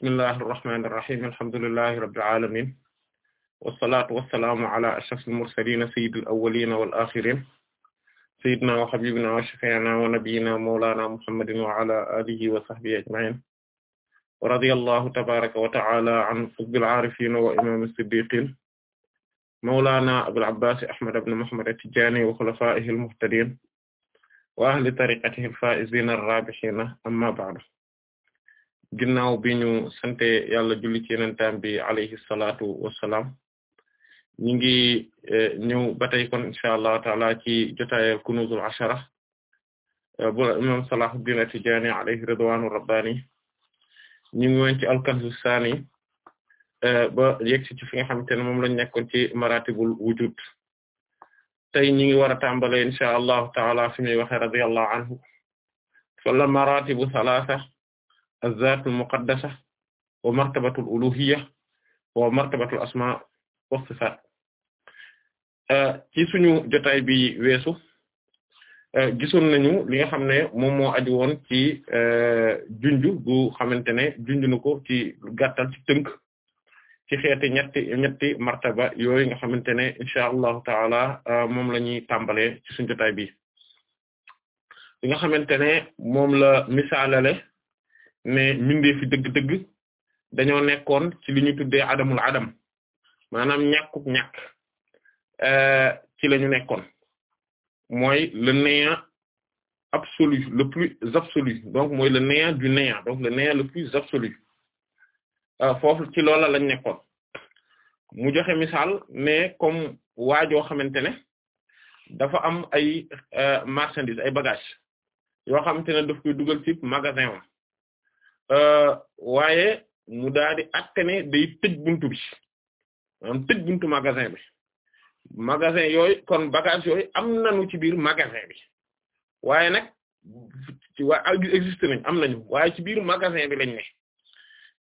bismillahi irrahmani irrahim alhamdulillahi rabbil alamin wassalatu wassalaamu ala ashrafil mursalin sayyidil awwalin wal akhirin sayyidina wa habibina wa shafi'ina wa nabiyyina mawlana muhammadin wa ala alihi wa sahbihi ajma'in wa radiyallahu tabaraka wa ta'ala an qutbil aarifin wa imam as-siddiqin mawlana abul abbas ahmad ibn muhammad at-tijani wa khulafaihi al-muhtadin wa ahli tariqatihi al-faizin ar-rabihin amma ba'du ginnaaw bi ñu sante yàlla julli ci yenentam bi alayhi salaatu wassalaam ñi ngi eh, ñëw ba tey kon incha allah taala ci jotaayal kunuzul ashara eh, bu imam Salahuddin At-Tidjânî alayhi ridwaanu rabbaani ñu ngi ci al-kanzu saani eh, ba yegg ci fi nga xamante ne moom lañ nekkoon ci maratibul wujud tey ñi ngi war a tàmbale incha allahu taala fi muy waxe radiyallahu anhu fa la maratibu az-zaatul muqaddasa wa martabatul uluhiyya wa martabatul asmaa wa sifaat ci suñu jotaay bi weesu gisoon nañu li nga xam ne moom moo aju woon ci junju bu xamante ne junju na ko ci gàttal ci tënk ci xeeti ñetti martaba yooyu nga xamante ne incha allahu taala moom la ñuy tàmbalee ci suñu jotaay bi li nga xamante ne moom la misaalale ne mbindee fi dëgg-dëgg dañoo nekkoon ci li ñu tuddee adamul adam maanaam ñàkkuk ñàkk euh, ci la ñu nekkoon mooy le néant absolu le plus absolu donc mooy le néant du néant donc le néant le plus absolu euh, foofu ci loola lañ nekkoon mu joxe misaal ne comme waajoo xamante ne dafa am ay euh, marchandises ay bagages yoo xamante ne daf koy dugal ci magasin wa Euh, waaye mu daal di atte ne day buntu bi buntu magasin bi magasin yooyu kon bagage yooyu am nañu ci biir magasin bi waaye nag ci existe nañ am nañu waaye ci biir magasin bi lañ ne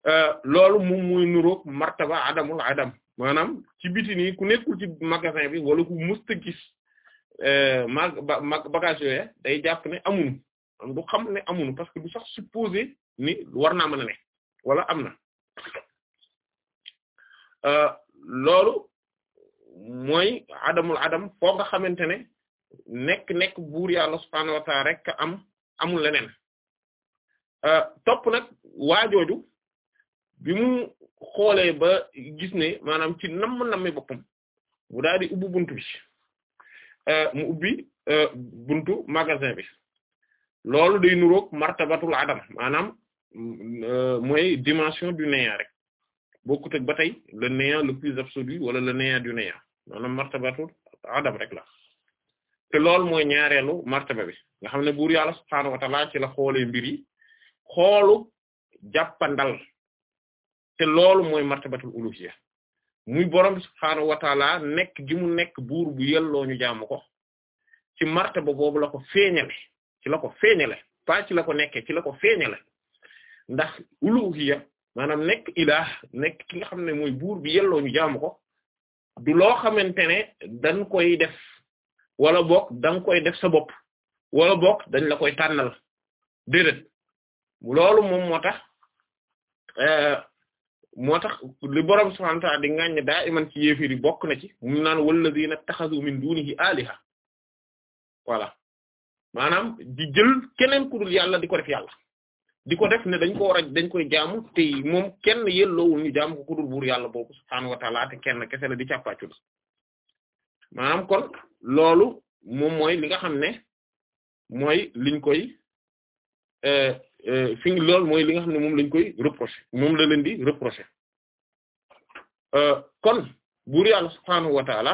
euh, loolu mu muy nuroog martaba adamul adam maanaam ci biti nii ku nekkul ci magasin bi wala ku mësta gis euh, mag bagage yooyu day jàpp ne amuñu du xam ne amuñu parce que du sax supposé ni war naa mën wala am na euh, loolu mooy adamul adam foo nga xamante ne nekk nekk buur yàlla subhaanahu rek am amul leneen euh, topp nag waajooju bi mu xoolee ba gis ne maanaam ci namm namme boppam mu daal di buntu bi euh, mu ubbi buntu magasin bi loolu day nuroog martabatul adam maanaam Euh, mooy dimension du néant rek bokkut ak ba tey le néant le plus absolu wala le néant du néant maanaam martabatu adam rek la te loolu mooy ñaareelu martaba bi nga xam ne buur yàlla subhaanahu wa ta'ala ci la xoolee mbir yi xoolu jàppandal te loolu mooy martabatul uluhiyya muy borom bi subhaanahu nekk gi mu nekk buur bu yelloo ñu jaamu ko ci martaba boobu la ko feeñale ci la ko feeñale pas ci la ko nekkee ci la ko feeñale ndax uluhiyya maanaam nekk ilaah nekk ki nga xam ne mooy buur bi yelloo ñu ko du loo xamante ne dan koy def wala boog danga koy def sa bopp wala boog dañ la koy tànnal déedéet loolu moom moo tax euh, moo tax li borom subhanahu wa ta'ala di ngañ daa iman ci yéefiri bokk na ci mu naan walladina taxasu min dunihi aliha voilà maanaam di jël keneen ku dul yàlla di ko def di ko def ne dañ ko war a dañ koy jaamu te moom kenn yelloowul ñu jaamu ko ku dul buur yàlla boobu subhaanahu wa ta'ala te kenn kese la di càppaacul maanaam kon loolu moom mooy li nga xam ne mooy liñ koy euh, euh, fi loolu mooy li nga xam ne moom lañ koy reprocher moom la leen di reprocher euh, kon buur yàlla subhaanahu wa ta'ala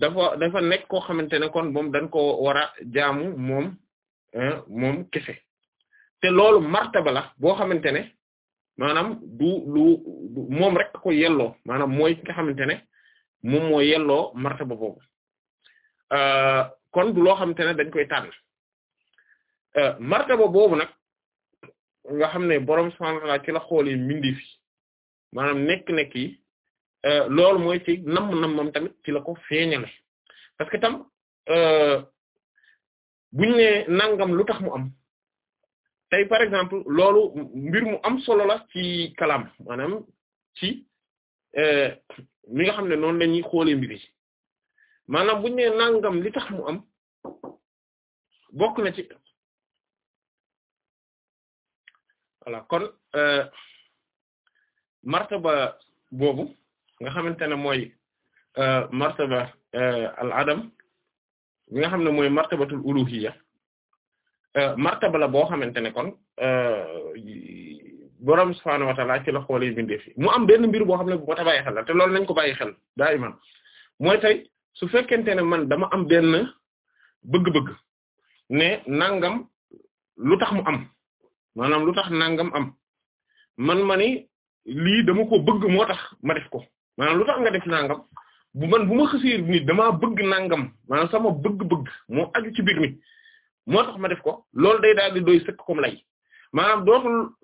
dafa dafa nekk koo xamante ne kon moom dañ ko war a jaamu moom moom kese te loolu martaba la boo xamante ne maanaam du lu moom rek ko yelloo maanaam mooy ki nga xamante ne moom moo yelloo martaba boobu euh, kon du loo xamante ne dañ koy tànn euh, martaba boobu nag nga xam ne boroom subhaanahu wa ta'aala ci la xoolee mbindi fi maanaam nekk-nekk yi euh, loolu mooy ci tamit ci la ko feeñale parce que tam buñ nangam lu tax mu am tey par exemple loolu mbir mu am solo la ci kalam maanaam ci mi euh, nga xam ne noonu la ñuy xoolee mbir yi maanaam bu ñu nee li tax mu am bokk na ci voilà kon euh, martaba boobu nga xamante ne mooy euh, martaba al adam mi nga xam ne mooy martabatul uluhiyya Euh, martaba la boo xamante ne kon euh, borom subhaanahu wa ta'aala ci la xoolee mu am benn mbir boo xam ne bu ko bàyyi xel la te loolu nañ ko bàyyi xel daa iman mooy tey su fekkente ne man dama am benn bëgg-bëgg ne nangam lu tax mu am maanaam lu tax nangam am man ma ni lii dama ko bëg moo tax ma def ko maanaam lu tax nga nangam man bu xësir ni damaa bëgg nangam maanaam sama bëgg-bëgg moo aju ci biir mi moo tax ma def ko loolu day daal di doy sëkk comme lay maanaam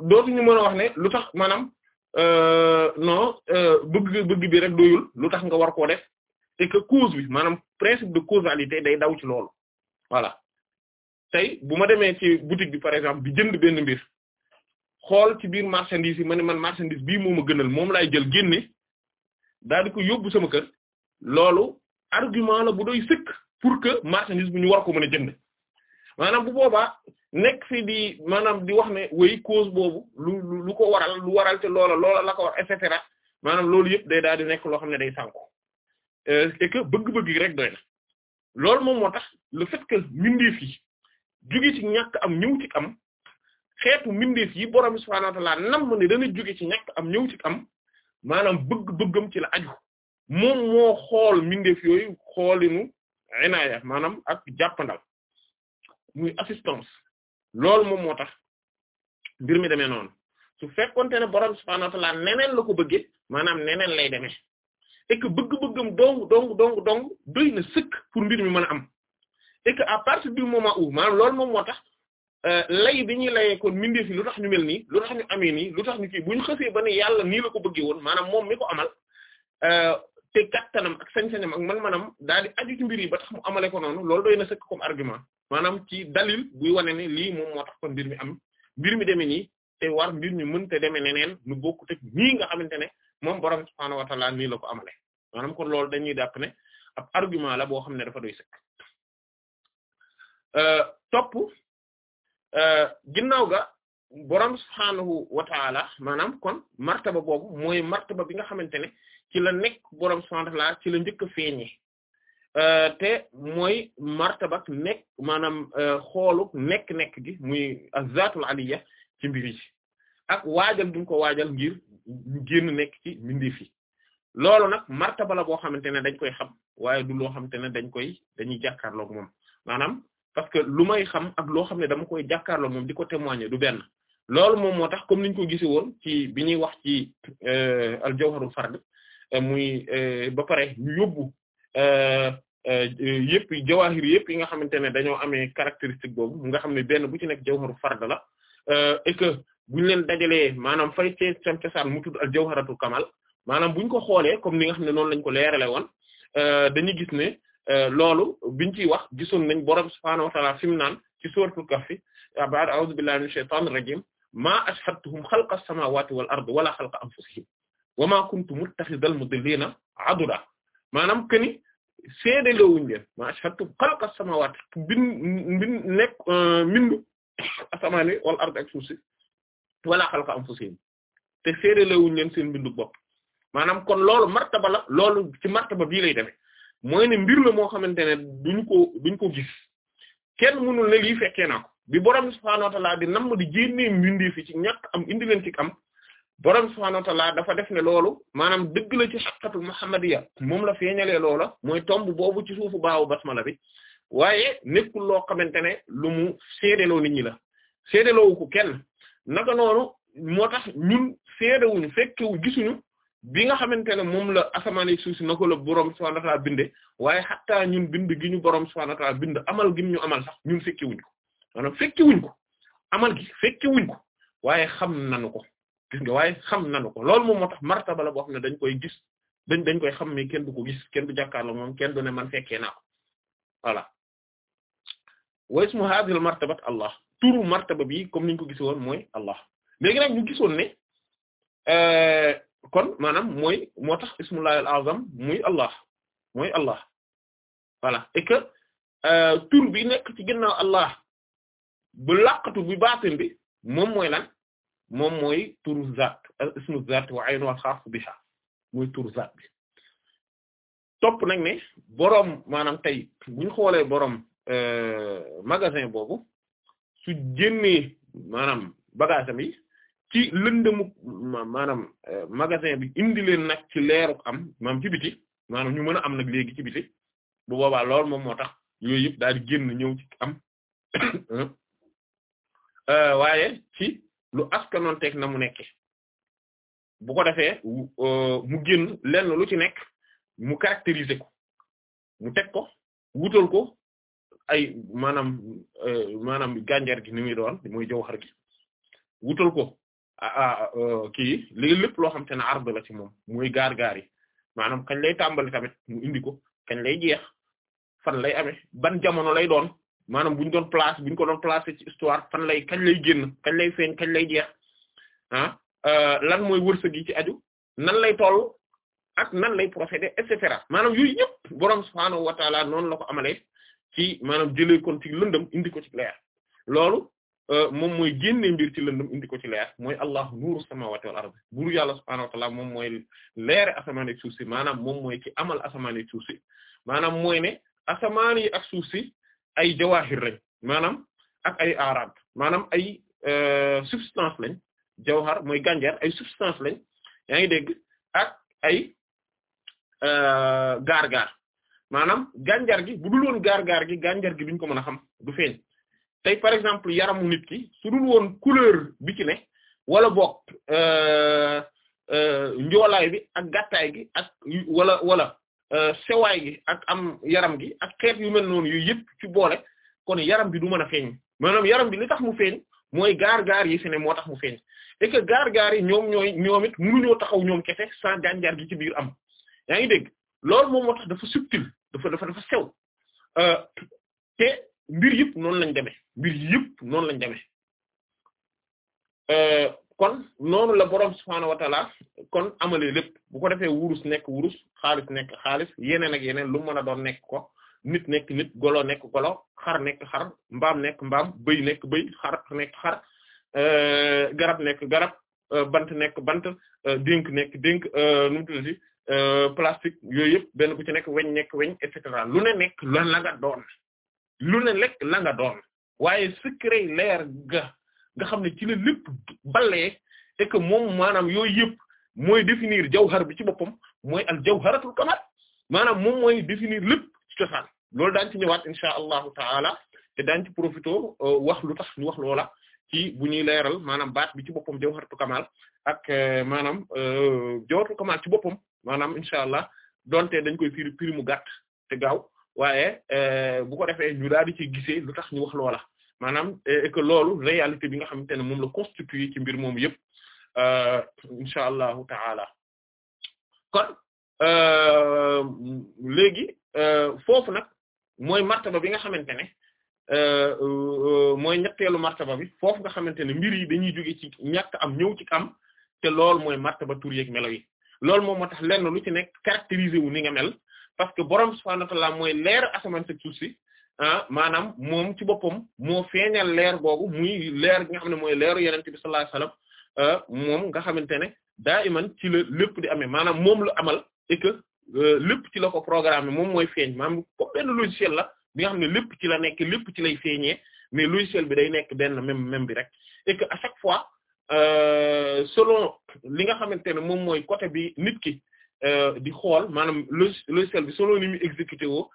dootul ñu mën a wax ne lu tax maanaam euh, non euh, bëgg bëgg bi rek doyul lu tax nga war koo def c'est que cause bi maanaam principe de causalité day daw ci lool voilà tey bu ma demee ci boutique bi par exemple bi jënd benn mbir xool ci biir marchandise yi ma ne man marchandise bii moo ma gënal moom laay jël génne daal di yóbbu sama kër loolu argument la bu doy sëkk pour que marchandise bu ñu war ko mën a jënd maanaam bu boobaa nekk fi di maanaam di wax ne way cause boobu lu lu ko waral lu waral te loola loola la ko war et cetera maanaam loolu yëpp day daal di nekk loo xam ne day sànku euh, et que bëgg-bëgg yi rek doy na loolu moom moo tax le fait que mbindeef ci ñàkk am ñëw ci am xeetu mbindeef yi borom subhaanahu wa ta'aala nam ne dana jóge ci ñàkk am ñëw ci am maanaam bëgg-bëggam ci la aju moom moo xool mbindeef yooyu xoolinu inaaya maanaam ak jàppandal muy assistance loolu moom moo tax mbir mi demee noonu su fekkonte ne borom subhaanahu neneen la ko bëggee maanaam neneen lay demee et que bëgg-bëggam dong dong dong dong doy na sëkk pour mbir mi mën a am et que à partir du moment où maanaam loolu moom moo tax euh, lay bi ñuy layee kon mbindeef yi lu tax ñu mel nii lu tax ñu amee nii lu tax ñu kii bu ñu xësee ba ne yàlla nii la ko bëggee woon maanaam moom mi ko amal euh, te kattanam ak sañ-sañam man-manam daal di aju ci mbir yi ba tax mu amale ko noonu loolu doy na sëkk comme argument maanaam ci dalil buy wane ne lii moom moo tax kon mbir mi am mbir mi demee nii te war mbir mi mënta demee neneen lu bokkut ak nii nga xamante ne moom borom subhaanahu wa ta'aala nii la ko amale maanaam kon loolu dañuy dàpp ne argument la boo xam ne dafa doy sëkk euh, topp euh, ginnaaw ga borom subhaanahu wa ta'aala maanaam kon martaba boobu mooy ba bi nga xamante ne. ci la nekk borom subhaanahu wa ta'aala ci la njëkk a feeñe euh, te mooy martabak nekk maanaam euh, xoolu nekk-nekk gi muy azatul aliya ci mbir yi ak waajal duñ ko waajal ngir génn nekk ci mbindeef yi loolu nag martaba la boo xamante ne dañ koy xam waaye du loo xamante ne dañ koy dañuy jàkkaarloog moom maanaam parce que lu may xam ak loo xam ne dama koy jàkkaarloog moom di ko témoigner du benn loolu moom moo tax comme niñ ko gise woon ci bi ñuy wax ci euh, al jawharul fard Eh, muy eh, ba pare ñu yóbbu eh, yëpp jawaahir yëpp yi nga xamante ne dañoo amee caractéristique boobu nga xam ne benn bu ci nekk jawharu fard la et que buñ leen dajalee maanaam fay cee seen cosaan mu tudd al kamal maanaam buñ ko xoolee comme ni nga xam ne noonu lañ ko leerale woon dañuy gis ne loolu biñ ciy wax gisoon nañ borom subhaanahu wa ta'aala fi mu naan ci suuratul kahfi ba'da a'uuzu billahi minash shaytaanir rajiim maa ashhadtuhum xalqa as-samaawaati wal ardi wala xalqa anfusihim wa maa kuntu muttaxidal mudillina aduda maanaam que ni seede lawuñu leen ma ashhadtu xalqa samawati bin bin nekk euh, mindu asamaani wal ard ak suuf si wala xalqa anfusihim te seede lawuñu leen seen bindu bopp maanaam kon loolu martaba la loolu ci martaba bii lay demee mooy ne mbir la moo xamante ne duñu ko duñ ko gis kenn mënul ne lii fekkee naa ko bi borom subhaanahu wa ta'aala di nam di jénnee mbindee fi ci ñàkk am indi leen ci am borom subhaanahu wa ta'aala dafa def ne loolu maanaam dëgg la ci xaqatul muhammadiya moom la feeñalee loola mooy tomb boobu ci suufu baawu basmala bi waaye nekkul loo xamante ne lu mu seedeloo nit ñi la seedeloowu ko kenn naka noonu moo tax ñun seedewuñu fekkewu gisuñu bi nga xamante ne moom la asamaanee suuf si naka la borom subhaanahu wa ta'aala binde waaye xataa ñun bind gi ñu borom subhaanahu wa bind amal gi ñu amal sax ñun ko maanaam fekkewuñ ko amal gi waaye xam nañu ko. gis nga waaye xam nañu ko loolu moom moo martaba la boo xam ne dañ koy gis dañ dañ koy xam mais kenn du ko gis kenn du jàkkaarloo moom kenn du ne man fekkee naa ko voilà wa ismu hadhihi al martabat allah turu martaba bi comme niñ ko gis woon mooy allah léegi nag ñu gisoon ne euh, kon maanaam moy moo tax ismullahi al azam allah mooy allah voilà et que euh, tur bi nekk ci allah bu laqatu bi baatin bi moom mooy lan moom mooy turu zat ismu zat wa aynu wa xaaf biha mooy turu zat bi topp nag ne boroom maanaam tey bu ñu xoolee boroom euh, magasin boobu su génnee maanaam bagaasam yi ci lëndëmu maanaam euh, magasin bi indi leen nag ci leeruk am mam ci biti maanaam ñu mën a am nag léegi ci biti bu boobaa lool moom moo tax yooyu daal di génn ñëw ci am euh, waaye ci lu askanoon teg na mu nekke bu ko defee euh, mu génn lenn lu ci nekk mu caractériser ko mu teg ko wutal ko ay maanaam euh, maanaam gànjar gi ni muy doon mooy jawhar gi wutal ko ah kii léegi lépp loo xam te ne arbre la ci moom mooy gaar-gaar yi maanaam kañ lay tàmbali tamit mu indi ko kañ lay jeex fan lay ame ban jamono lay doon maanaam bu ñu doon place bu ñu ko doon placer ci histoire fan lay kañ lay génn kañ lay feeñ kañ lay jeex ah euh, lan mooy wërsëg yi ci aju nan lay toll ak nan lay procéder et cetera maanaam yooyu borom subhaanahu wa taala noonu la ko amalee ci maanaam jëlee kon ci lëndëm indi ko ci leer loolu euh, moom mooy génnee mbir ci lëndëm indi ko ci leer mooy allah nuuru samaawaati wal ardi buur yàlla subhaanahu wa taala moom mooy leere asamaan ak suuf si amal asamaan ak maanaam mooy ne asamaan yi ak suuf si ay jawahir lañ maanaam ak ay arab maanaam ay euh, substance lañ jawhar mooy ganjar ay substance lañ yaa ngi dégg ak ay euh, gaar-gaar maanaam ganjar gi bu dul woon gaar-gaar gi ganjar gi duñ ko mën a xam du feeñ tey par exemple yaramu nit ki su dul woon couleur bi ci ne wala book euh, njoolaay bi ak gàttaay gi ak wala wala Euh, sewaay gi ak am yaram gi ak xeet yu mel noonu yooyu yëpp ci boole kon yaram bi du mën a feeñ maanaam yaram bi li tax mu feeñ mooy gaar-gaar yi fi ne moo tax mu feeñ et que gaar-gaar yi ñoom ñooy ñoom it mënuñoo taxaw ñoom kese sans gàncax gi ci biir am yaa ngi dégg loolu moom moo tax dafa subtil dafa dafa dafa sew euh, te mbir yëpp noonu lañ demee mbir yëpp noonu lañ demee euh, kon noonu la borom subhaanahu wa taala kon amalee lépp bu ko defee wurus nekk wurus xaalis nekk xaalis yeneen ak yeneen lu mën a doon nekk ko nit nek nit golo nekk golo xar nekk xar mbaam nekk mbaam bëy nekk bëy xar nekk xar euh, garab nekk garab euh, bant nekk bant euh, dénk nekk dénk nu mu tuddati plastique yooyu yëpp benn bu ci nekk weñ nekk weñ et cetera lu ne lan la nga doon lu ne lekk doon waaye secret leer ga nga xam ne ci la lépp ballee et que moom maanaam yooyu yëpp mooy définir jawhar bi ci boppam mooy al jawharatul kamal maanaam moom mooy définir lépp ci cosaan loolu daañu ci ñëwaat insha allahu taala te daañ ci profité euh, wax lu tax ñu wax loola ki bu ñuy leeral maanaam baat bi ci boppam jawharatul kamal ak euh, maanaam euh, jawharatul kamal ci boppam maanaam incha allah donte dañ koy firi firi mu gàtt te gaaw waaye bu ko defee ñu daal di ci gisee lu tax ñu wax loola maanaam et que loolu réalité bi nga xamante ne moom la constitué ci mbir moom yëpp euh, incha allahu taala kon euh, léegi euh, foofu nag mooy martaba bi nga xamante ne mooy ñetteelu martaba bi foofu nga xamante ne mbir yi dañuy jóge ci ñàkk am ñëw ci am te loolu mooy martaba tour yeeg melo yi loolu moom moo tax lenn lu ci nekk caractérisé wu ni nga mel parce que borom subhaanahu wa ta'aala leer asamaan si suuf si ah maanaam moom ci boppam moo feeñal leer googu muy leer bi nga xam ne mooy leeru yenente bi sallallahu alayhi ah, moom nga xamante ne daa iman ci la lépp di amee maanaam moom la amal et que euh, lépp ci la ko programme moom mooy feeñ maam comme benn logiciel la nga xam ne lépp ci la nekk lépp ci lay feeñee mais logiciel bi day nekk benn même même bi rek et à chaque fois euh, selon li nga xamante ne moom mooy côté bi nit ki euh, di xool maanaam logiciel bi selon ni mu exécuté woo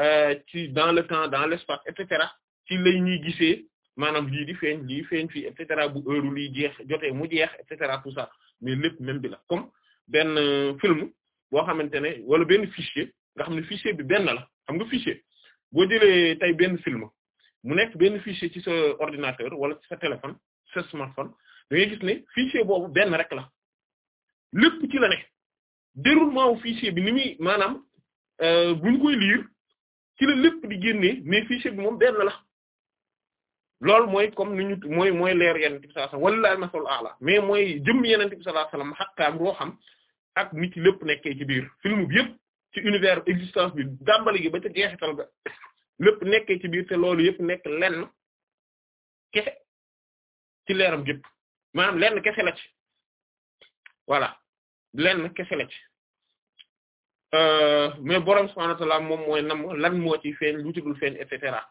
Euh, ci dans le temps dans l'espace et cetera ci lay ñuy gisee maanaam lii di feeñ lii feeñ fii et cetera bu heure liy jeex jotee mu jeex et cetera tout ça mais lépp même bi la comme benn euh, film boo xamante ne wala benn fichier nga xam ne fichier bi benn la xam nga fichier boo jëlee tey benn film mu nekk benn fichier ci sa ordinateur wala ci sa téléphone sa smartphone da ngay gis ne boobu benn rek la lépp ci la ne déroulement wu bi ni muy maanaam euh, koy lire. ci la lépp di génnee mais fichier bi moom benn la loolu mooy comme ni ñu mooy mooy leer yenent bi sallallahu alayhi mais mooy jëm yenent bi sallallahu alayhi wasallam xaqaam roo xam ak nit ci lépp nekkee ci biir film bi yëpp ci univers existence bi dàmbali gi ba ca jeexital ba lépp nekkee ci biir te loolu yëpp nekk lenn kese ci leeram yëpp maanaam lenn kese la ci lenn kese la Euh, mais borom subhaanahu wa ta'aala moom mooy nam lan moo ci feeñ lu ci feeñ et cetera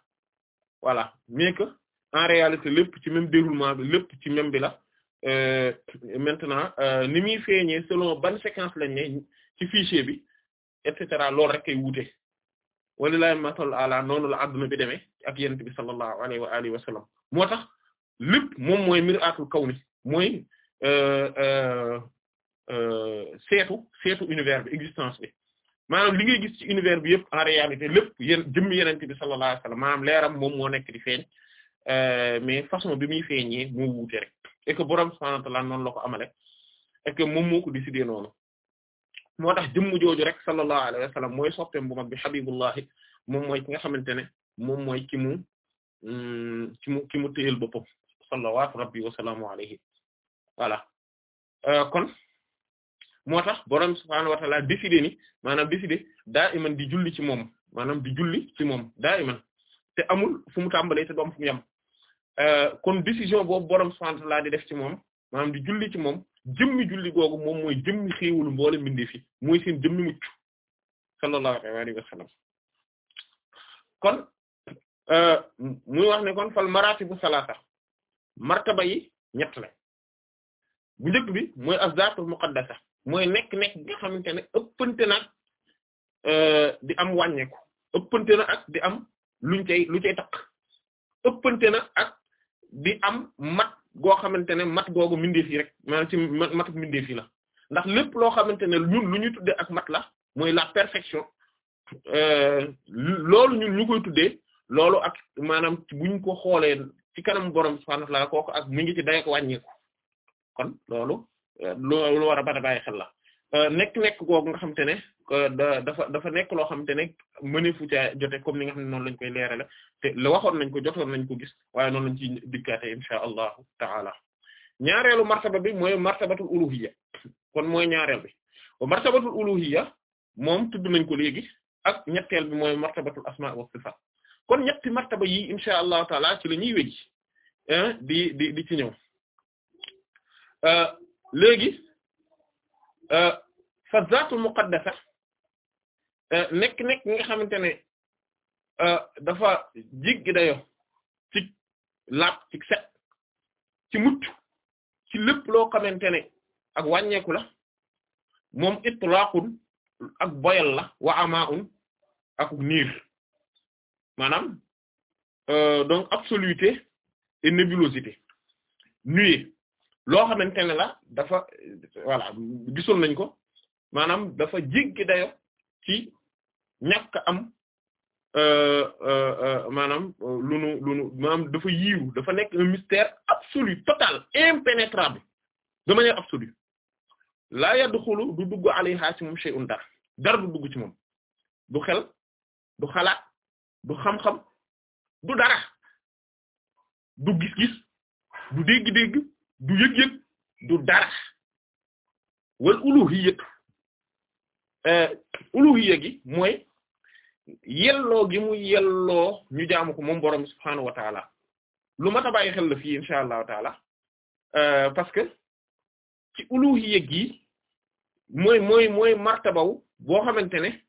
voilà mais que en réalité lépp ci même déroulement bi lépp ci même bi la euh, maintenant euh, ni muy feeñee selon ban séquence lañ ne ci fichier bi et cetera loolu rek kay wuute walilahi matal ala noonu la adduna bi demee ak yonent bi sallallahu alayhi wa alihi wa sallam moo tax lépp moom mooy miraatul kawni mooy seetu seetu univers bi existence bi maanaam li ngay univers bi yëpp en réalité lépp yéen jëmm yenente bi sallallahu alayhi wasallam maanaam leeram moom moo nekk di feeñ euh, façon bi muy feeñee moo rek et que borom subhanahu wa ta'ala noonu la ko amale et décidé noonu moo tax jëmm jooju rek sallallahu alayhi wasallam mooy soppeem bu mag bi Habibullahi moom mooy ki nga xamante ne moom mooy ki mu mm, ki mu ki mu téyel boppam sallallahu rabbi wa salaamu alayhi voilà euh, kon moo tax borom subhaanahu wa ta'ala décidé ni maanaam décidé daa iman di julli ci moom maanaam di julli ci moom daa iman te amul fu mu tàmbalee te du fu yam euh, kon décision boobu borom subhaanahu wa di def ci moom maanaam di julli ci moom jëmmi julli googu moom mooy jëmmi xéewalu mboole mbindee fi mooy seen jëmmi mucc sallallahu alayhi kon euh, muy wax ne kon fal maratibu salaata martaba yi ñett la bu njëkk bi mooy az-zaatu mooy nekk-nekk nga xamante ne ëppante na euh, di am wàññeeku ëppante na ak di am luñ cay lu cay takk ëppante na ak di am mat goo xamante ne mat googu mbindeef yi rek maanaam ci matu mbindeef yi la ndax lépp loo xamante ne ñun lu ñuy tuddee ak mat la mooy la perfection euh, loolu ñun ñu koy tuddee loolu ak maanaam buñ ko xoolee ci kanam borom subhanahu wa ta'ala kooku ak mi ngi ko day kon loolu. loo lu war a ban a bàyyi xel la euh, nekk-nekk nga xamante ne dafa dafa nekk loo xamante ne mëneefu caa jote kom ni nga xam ne noonu lañ koy leerale te la waxoon nañ ko jotoon nañ ko gis waaye noonu lañ ci diggaate insha allahu taala ñaareelu martaba bi mooy martabatul uluhiyya kon mooy ñaareel bi wa martabatul uluhiyya moom tudd nañ ko léegi ak ñetteel bi mooy martabatul asma wa sifat kon ñetti martaba yi insha allahu taala ci la ñuy wéji di di di ci ñëw euh, léegi euh, fa zaatul muqaddasa euh, nekk nekk nga xamante ne euh, dafa jiggi dayo ci laab ci set ci mucc ci lépp loo xamante ne ak wàññeeku la moom itlaqun ak boyal la wa amaun ak niir maanaam donc absoluité et nébulosité nuée loo xamante ne la dafa voilà gisoon nañ ko maanaam dafa jéggi dayo ci ñàkk am euh, euh, euh, maanaam lu nu lu nu dafa yiiw dafa nekk un mystère absolu total impénétrable de manière absolue laa yadxulu du dugg alayha ci moom shay'un dara dara du dugg ci moom du xel du xalaat du xam-xam du dara du gis-gis du dégg-dégg du yëg du dara wal uluhiyya euh, uluhiyya gi mooy yelloo gi mu yelloo ñu jaamu ko moom borom subhaanahu wa lu mat a bàyyi xel insha allahu taala euh, parce que ci uluhiyya gi mooy mooy mooy martabaw boo xamante ne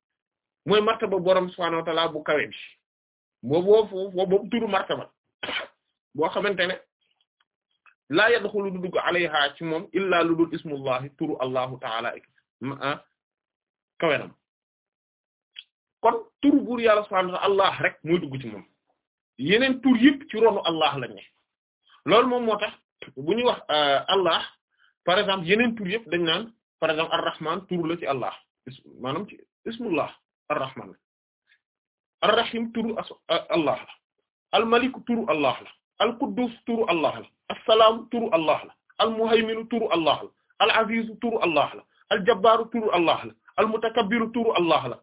mooy martaba borom subhaanahu wa bu kawe bi boobu boobu boobu turu martaba boo xamante ne. laa yadxulu du dugg alayha ci moom illaa lu dul ismullahi turu allahu taala ik ma ah, kawenam kon turu buur yàlla subhanahu wa allah rek mooy dugg ci moom yeneen tur yëpp ci ronu allah lañ ne loolu moom moo tax bu ñuy wax euh, allah par exemple yeneen tur yëpp dañ naan par exemple arrahman tur la ci allah maanaam ci ismullah arrahman arrahim euh, turu allah la almaliku turu allah la al quddus turu allah la assalaam turu allah la al muhaymin turu allah la al tuur turu allah la al jabbaar turu allah la al mutakabbir turu allah la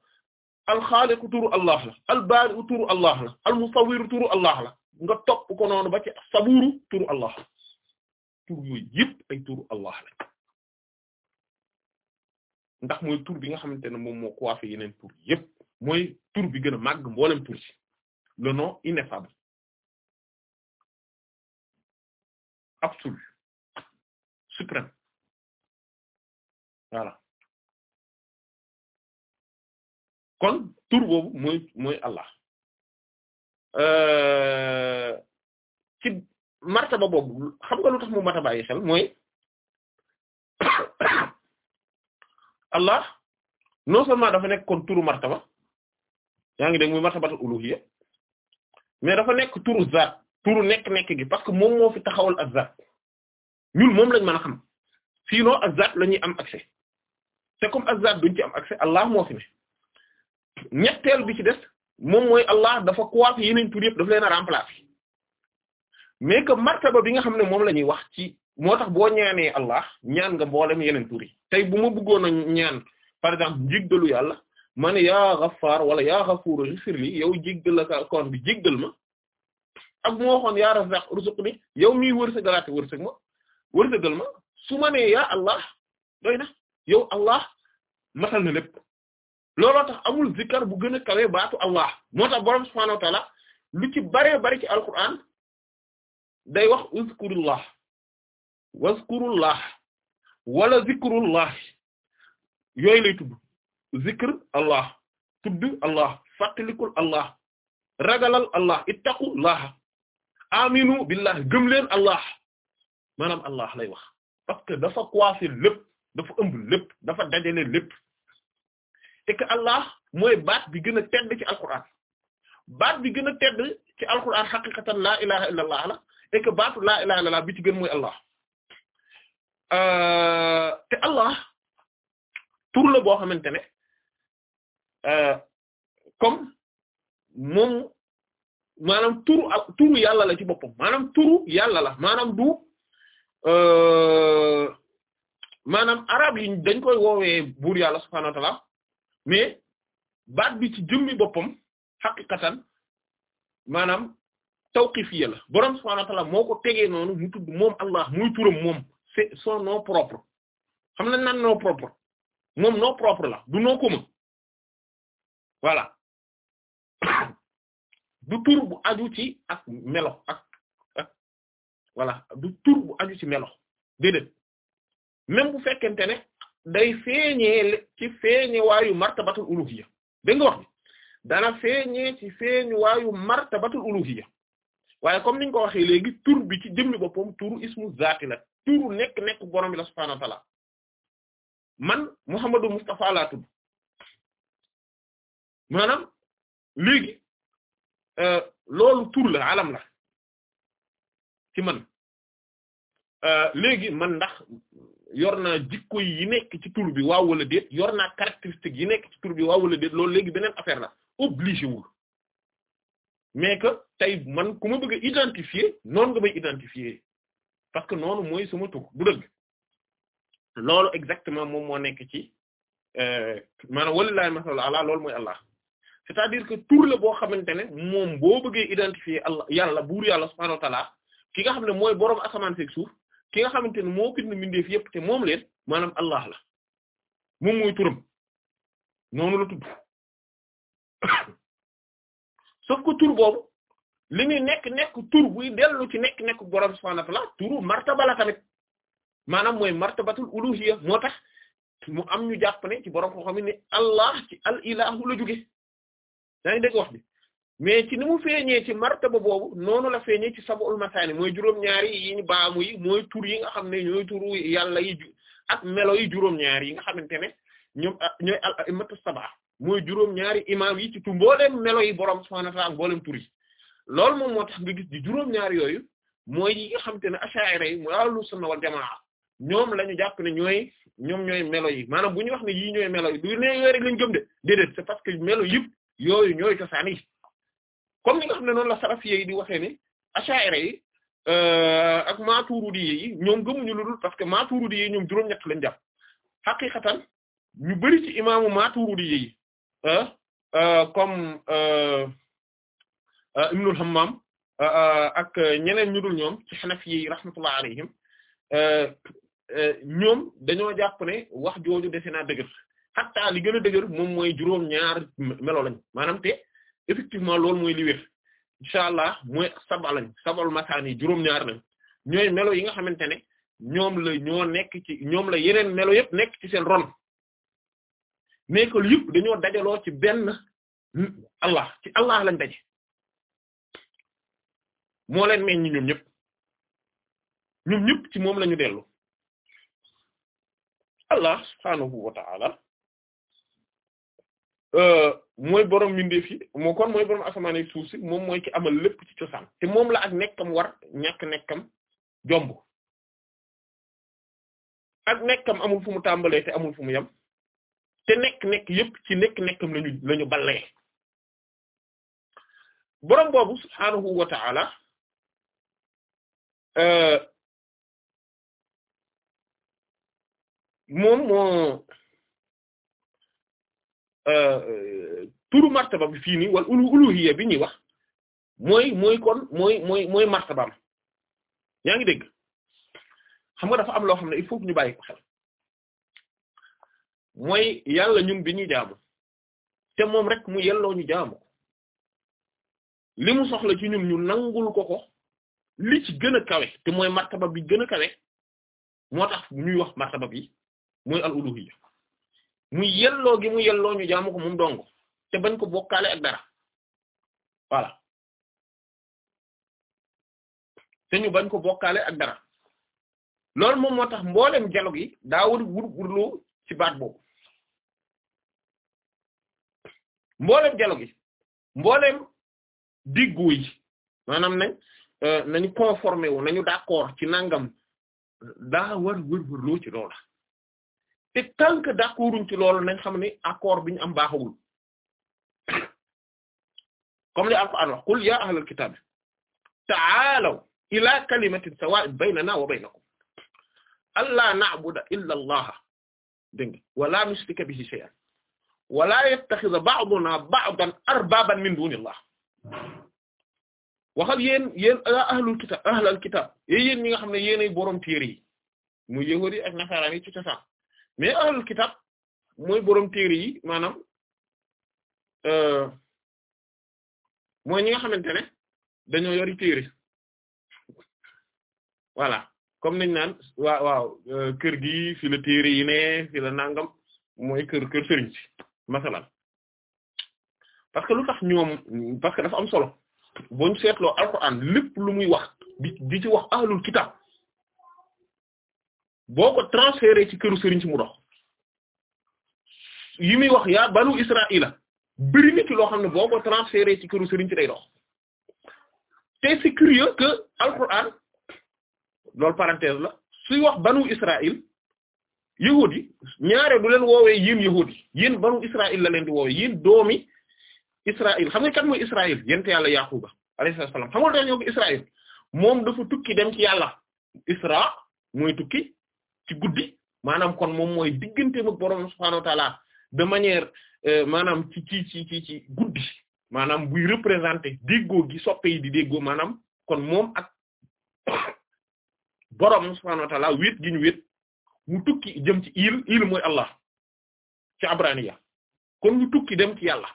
al xaaliq turu allah la al baari turu allah la al musawwir turu allah la nga topp ko noonu ba ci sabuuru turu allah la tur yooyu yëpp ay turu allah la ndax mooy tur bi nga xamante ne moom moo coiffé yeneen tur mooy tur bi gën a màgg mboolem tur ci le nom ineffable absolu suprême voilà kon tur boobu mooy mooy Allah euh, ci martaba boobu xam nga lu tax mu mata bàyyi xel mooy Allah non seulement dafa nekk kon turu martaba yaa ngi dégg muy martabatul uluhiyya mais dafa nekk turu zaat turu nekk-nekk gi parce que moom moo fi taxawal azzat ñun moom lañ mën a xam sinon azzat la ñuy am accès c'est comme azzat duñ ci am accès allah moo fi ne ñetteel bi ci des moom mooy allah dafa coiffé yeneen tur yëpp daf leen a remplacer mais que martaba bi nga xam ne moom la ñuy wax ci moo tax boo ñaane allah ñaan nga mboolem yeneen tur yi tey bu ma bëggoon a ñaan par exemple njigdalu yàlla ma ne yaa Ghaffar wala yaa Ghafur ghfir li yow jéggal la sa koon bi jéggal ma ak mu waxoon yaa razzaq urzuqni yow miy wërsëgalaate wërsëg ma wërsëgal ma su ma yaa allah doy na yow allah matal na lépp looloo tax amul zikkar bu gën a kawe baatu allah moo tax boroom subhaanahu ta'ala lu ci bari ci alquran day wax uzkurullah wazkurullah wala zikrullah yooyu lay tudd zikr allah tudd allah fàttalikul allah ragalal allah ittaqullah aminu billah gëm leen allah maanaam allah lay wax dafa coiffé lépp dafa ëmb lépp dafa dajale lépp et allah mooy baat bi gën a tedd ci alquran baat bi gën a tedd ci alquran xaqiqatan laa ilaha illa allah la et que baatu laa ilaha allah bi euh, te allah tur la boo xamante ne euh, comme moom maanaam turu ak turu yàlla la ci boppam maanaam turu yàlla la maanaam du euh, maanaam arab yi dañ koy woowee buur yàlla subhaanahu wa mais baat bi ci jëmmi boppam xaqiqatan maanaam tawqifiyya la boroom subhaanahu wa ta'ala moo ko tegee noonu mu tudd moom Allah muy turam moom c'est son nom propre xam nañ naan nom propre moom nom propre la du nom commun du tur bu aju ci ak melo ak voilà du bu aju ci melo déedéet ne day feeñee ci feeñe waayu martabatul uluhiyya dégg nga wax dana feeñee ci feeñu waayu martabatul uluhiyya waaye comme niñ ko waxee léegi tur bi ci jëmmi boppam turu ismu zaati la turu nekk nekk borom bi la subhaanahu man Muhammadu Mustafa laa tudd maanaam Euh, loolu tur la alam la ci man euh, léegi man ndax yor naa jikko yi nekk ci tur bi waaw wala déet yor naa yi nekk ci tur bi waaw wala déet loolu léegi beneen affaire la obligé wul mais que tey man ku ma bëgg a identifier noonu nga may identifier parce que noonu mooy sama tur bu dëgg loolu exactement moom moo nekk ci euh, maanaam walilahi masal àllah loolu mooy Allah c'est-à-dire que tur la boo xamante ne moom boo bëggee identifier Allah yàlla buur yàlla subhaanahu wa ta'ala ki nga xam ne mooy boroom asamaan seeg suuf ki nga xamante ne moo bind mbindeef yépp te moom leen maanaam Allah la moom mooy turam noonu la tudd sauf que tur boobu li muy nekk nekk tur buy dellu ci nekk nekk boroom subhaanahu wa ta'ala turu martaba tamit maanaam mooy martabatul uluhiyya moo tax mu am ñu jàpp ne ci boroom koo xam Allah ci al ilahu la jóge yaa ngi dégg wax bi mais ci ni mu feeñee ci martaba boobu noonu la feeñee ci sab'ul masaani mooy juróom yi ñu baamu yi mooy tur yi nga xam ne ñooy turu yàlla yi ak melo yi juróom-ñaari yi nga xamante ne ñoom ah, ñooy al a'immatu sab'a mooy juróom-ñaari imaam yi ci tu mbooleem melo yi borom subhaanahu wa ta'aala mbooleem tur yi loolu moom moo tax nga gis di juróom-ñaari yooyu mooy yi nga xamante ne ash'ari yi mooy ahlu sunna wal jamaa ñoom la ñu jàpp ne ñooy ñoom ñooy melo yi maanaam bu ñu wax ne yii ñooy melo yi du ne yooyu rek lañ gëm de déedéet c'est melo yëpp yooyu ñooy cosaan yi comme ni nga xam ne yi di waxee ne asha'ira yi euh, ak maaturidi yi ñoom gëmuñu lu dul parce que maaturidi yi ñoom juróom-ñett lañ jàpp xaqiqatan ñu bari ci imaamu maaturidi yi euh, euh, comme Ibnul Hammam ak ñeneen ñu dul ñoom ci xanafi yi rahmatullah alayhim ñoom dañoo jàpp wax jooju defe naa dëgër xattaa li gën a dëgër moom mooy juróom ñaar melo lañ maanaam te effectivement loolu mooy li wér incha allah mooy saba sabal masaan yi juróom ñaar lañ ñooy melo yi nga xamante ne ñoom la ñoo nekk ci ñoom la yeneen melo yëpp nekk ci seen ron mais que yëpp dañoo dajaloo ci benn allah ci allah lañ daje moo leen meññ ñoom ñëpp ñoom ñëpp ci moom lañu ñu dellu allah subhaanahu wa ta'ala Euh, mooy boroom mbindeef yi moo kon mooy borom asamaan ak moom mooy ki amal lépp ci cosaan te moom la ak nekkam war ñàkk nekkam jomb ak nekkam amul fu mu tàmbalee te amul fu mu te nekk-nekk yépp ci nekk-nekkam lañu lañu ballee borom boobu subhaanahu wa ta'ala euh, moom moo Euh, turu martaba bi fii nii wala ulu uluhiyya bi ñuy wax mooy mooy kon mooy mooy mooy yaa ngi dégg xam nga dafa am loo xam ne il faut ñu bàyyi ko xel mooy yàlla ñun bi ñuy jaamu te moom rek mu yelloo ñu jaamu li mu soxla ci ñun ñu nangul ko ko li ci gën a kawe te mooy martaba bi gën a kawe moo tax ñuy wax martaba bi mooy al uluhiyya mu yelloo gi mu yelloo ñu jaamu ko moom dong te bañ ko bokkaale ak dara voilà te ñu bañ ko bokkaale ak dara loolu moom moo tax mboolem dialogue gi daa war a wurgurloo ci baat boobu mboolem dialogue yi mboolem diggu yi maanaam nañ euh, nañu conformé wu ñu d'accord ci nangam daa war wër wërloo ci loola te tant que d'accorduñ ci loolu nañ xam ne accord bi ñu am baaxawul comme li Alxuraan wax qul yaa ahlal kitaab ta'aalaw ilaa kalimatin sawaa'in baynanaa wa baynakum allaa na'buda illa allaha dégg nga wa laa nushrika bihi shay'an wa laa yattakhidha ba'dunaa ba'dan arbaaban min duunillah waxal yéen yéen yaa ahlul kitaab ahlal kitaab yéen ñi nga xam ne yéenay borom téere yi muy yahuudi ak nasaraan yi ci mais ahlul kitab mooy boroom téere yi maanaam euh, mooy ñi nga xamante ne dañoo yori téere voilà comme nañ naan waaw waaw euh, kër gi fi la téere yi ne fi la nangam mooy kër kër sëriñ si masalan parce que lu tax ñoom parce que dafa am solo boo ñu seetloo alquran lépp lu muy wax di di ci wax ahlul kitab boo ko transféré ci këru sëriñ si mu dox yi muy wax yaa banu israila bëri na loo xam ne boo ko transféré ci këru sëriñ si day dox te c'est que alquran loolu parenthèse la suy wax banu israil yahudi ñaare du leen woowee yéen yahudi yéen banu israil la leen di woowee yéen doomi israil xam nga kat mooy israil yent yàlla yaquba alayhi salaam xam nga dañoo ko israil moom dafa tukki dem ci yàlla isra mooy tukki ci guddi maanaam kon moom mooy digganteem ak borom subhaanahu wa de manière euh, maanaam ci ci ci ci guddi maanaam buy représenter déggoo gi soppe yi di déggoo maanaam kon moom ak borom subhaanahu wa ta'ala wéet gi ñu mu tukki jëm ci il il mooy Allah ci abraniya kon mu tukki dem ci yàlla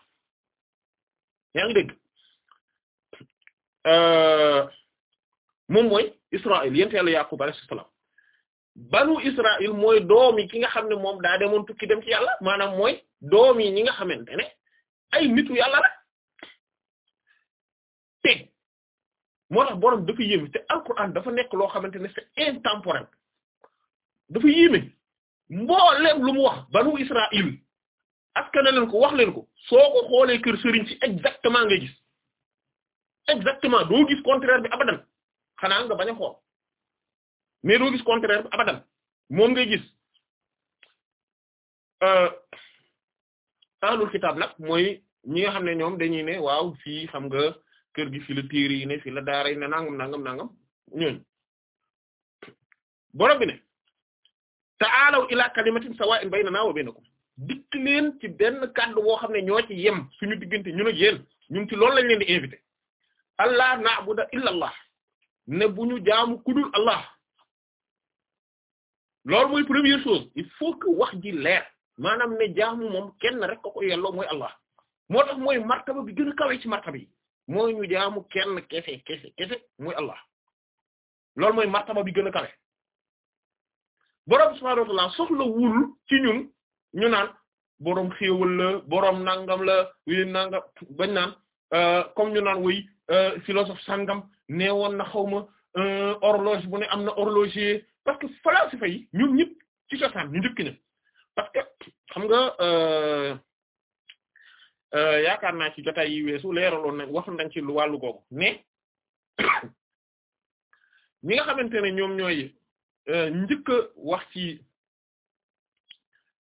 yaa ngi dégg euh, moom mooy Israël yent yàlla Yaqub alayhi salaam banu Israël mooy doom yi ki nga xam ne moom daa demoon tukki dem ci yàlla maanaam mooy doom yi ñi nga xamante ne ay nitu yàlla la te moo tax borom dafa yéeme te alquran dafa nekk loo xamante ne c'est intemporel dafa yéeme mbooleem lu mu wax banu Israël askan na leen ko wax leen ko soo ko xoolee kër sëriñ si exactement nga gis exactement doo gis contraire bi abadan xanaa nga bañ a xool. mais doo gis contraire bi moom ngay gis euh, ahlul kitaab nag mooy ñi nga xam ne ñoom dañuy ne waaw fii xam nga kër gi fi la téere yi ne fi la daara yi ne nangam nangam nangam ñooñu borom bi ne ta'aalaw ilaa kalimatin sawaa'in baynanaa wa baynakum dikk leen ci benn kàddu boo xam ne ñoo ci yem suñu diggante ñun ak yéen ñun ci loolu lañ leen di invité allah na'buda illa allah ne bu ñu jaamu kudul allah loolu mooy première chose il faut que wax ji leer maanaam ne jaamu moom kenn rek ko ko yelloo mooy Allah moo tax mooy martaba a kawe ci martaba yi jaamu kenn kese kese kese mooy Allah loolu bi gën a kawe boroom subhaanahu wa ta'aala soxla wul ci ñun ñu boroom xéewal boroom nangam la wii nangam bañ naan euh, comme ñu naan woy euh, philosophe sangam nee woon na xaw ma euh, horloge bu ne am na horloger parce que falaasifa yi ñoom ñëpp ci cosaan ñu njëkk parce que xam nga euh, euh, yaakaar naa ci jotaay yi weesu leeraloon nañ wax nañ ci lu wàllu googu mais ñi nga xamante ne ñoom ñooy euh, wax ci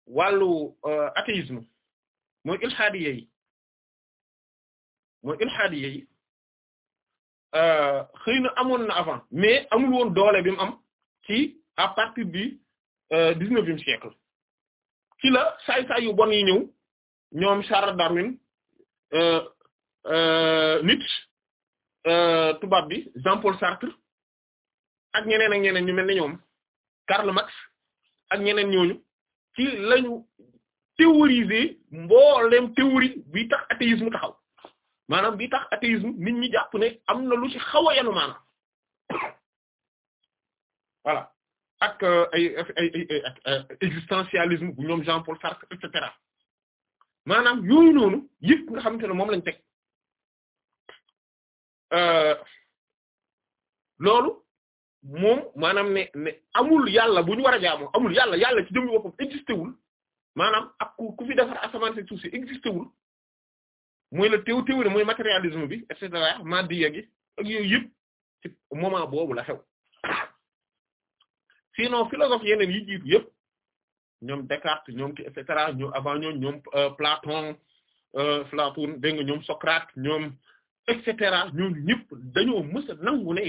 wàllu athéisme mooy ilhaadiya yi mooy ilhaadiya yi xëy na amoon na avant mais amul woon doole bi mu am ci à partir du euh, dix-neuvième siècle ci saay-saay yu bon yi ñëw ñoom Charles Darwin euh, euh, Nietzsche tubaab bi Jean-Paul Sartre ak ñeneen ak ñu mel ni ñoom Karl ak ñeneen ñooñu ci lañu théoriser mboolem théorie bi tax athéisme taxaw maanaam bi tax athéisme nit ñi jàpp ne am na lu ci xaw a voilà euh, ak ay ay euh, bu ñoom Jean-Paul Sartre et cetera maanaam yooyu noonu yëpp nga xamante ne moom lañ teg euh, loolu moom maanaam ne ne amul yàlla bu ñu war a jaamoo amul yàlla yàlla ci jëmmi boppam existé wul maanaam ak ku ku fi defar asamaan si suuf si existé wul mooy la teew teew mooy matérialisme bi et cetera ma di yegg ak yooyu yëpp ci moment boobu la xew. sinon philosophe yeneen yi jiitu yëpp ñoom Descartes ñoom ki et cetera ñoom avant ñoom ñoom euh, Platon euh, Platon dégg nga ñoom Socrate ñoom et cetera ñoom ñëpp dañoo mës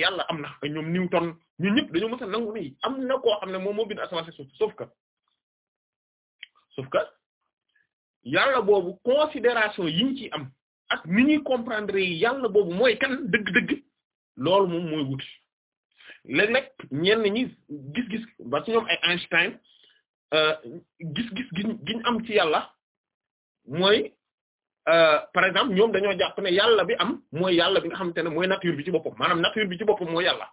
yàlla am na ñoom Newton ñun ñëpp dañoo mës a nangu ne am na koo xam ne moom moo bind asamaan si suuf sauf que yàlla boobu considération yi ñu ci am ak ni ñuy comprendre yi yàlla boobu mooy kan dëgg-dëgg loolu moom mooy wuti léegi nag ñenn ñi gis-gis ba ci ñoom ay Einstein euh, gis-gis giñ am ci yàlla mooy euh, par exemple ñoom dañoo jàpp ne yàlla bi am mooy yàlla bi nga xamante ne mooy nature bi ci boppam maanaam nature bi ci boppam mooy yàlla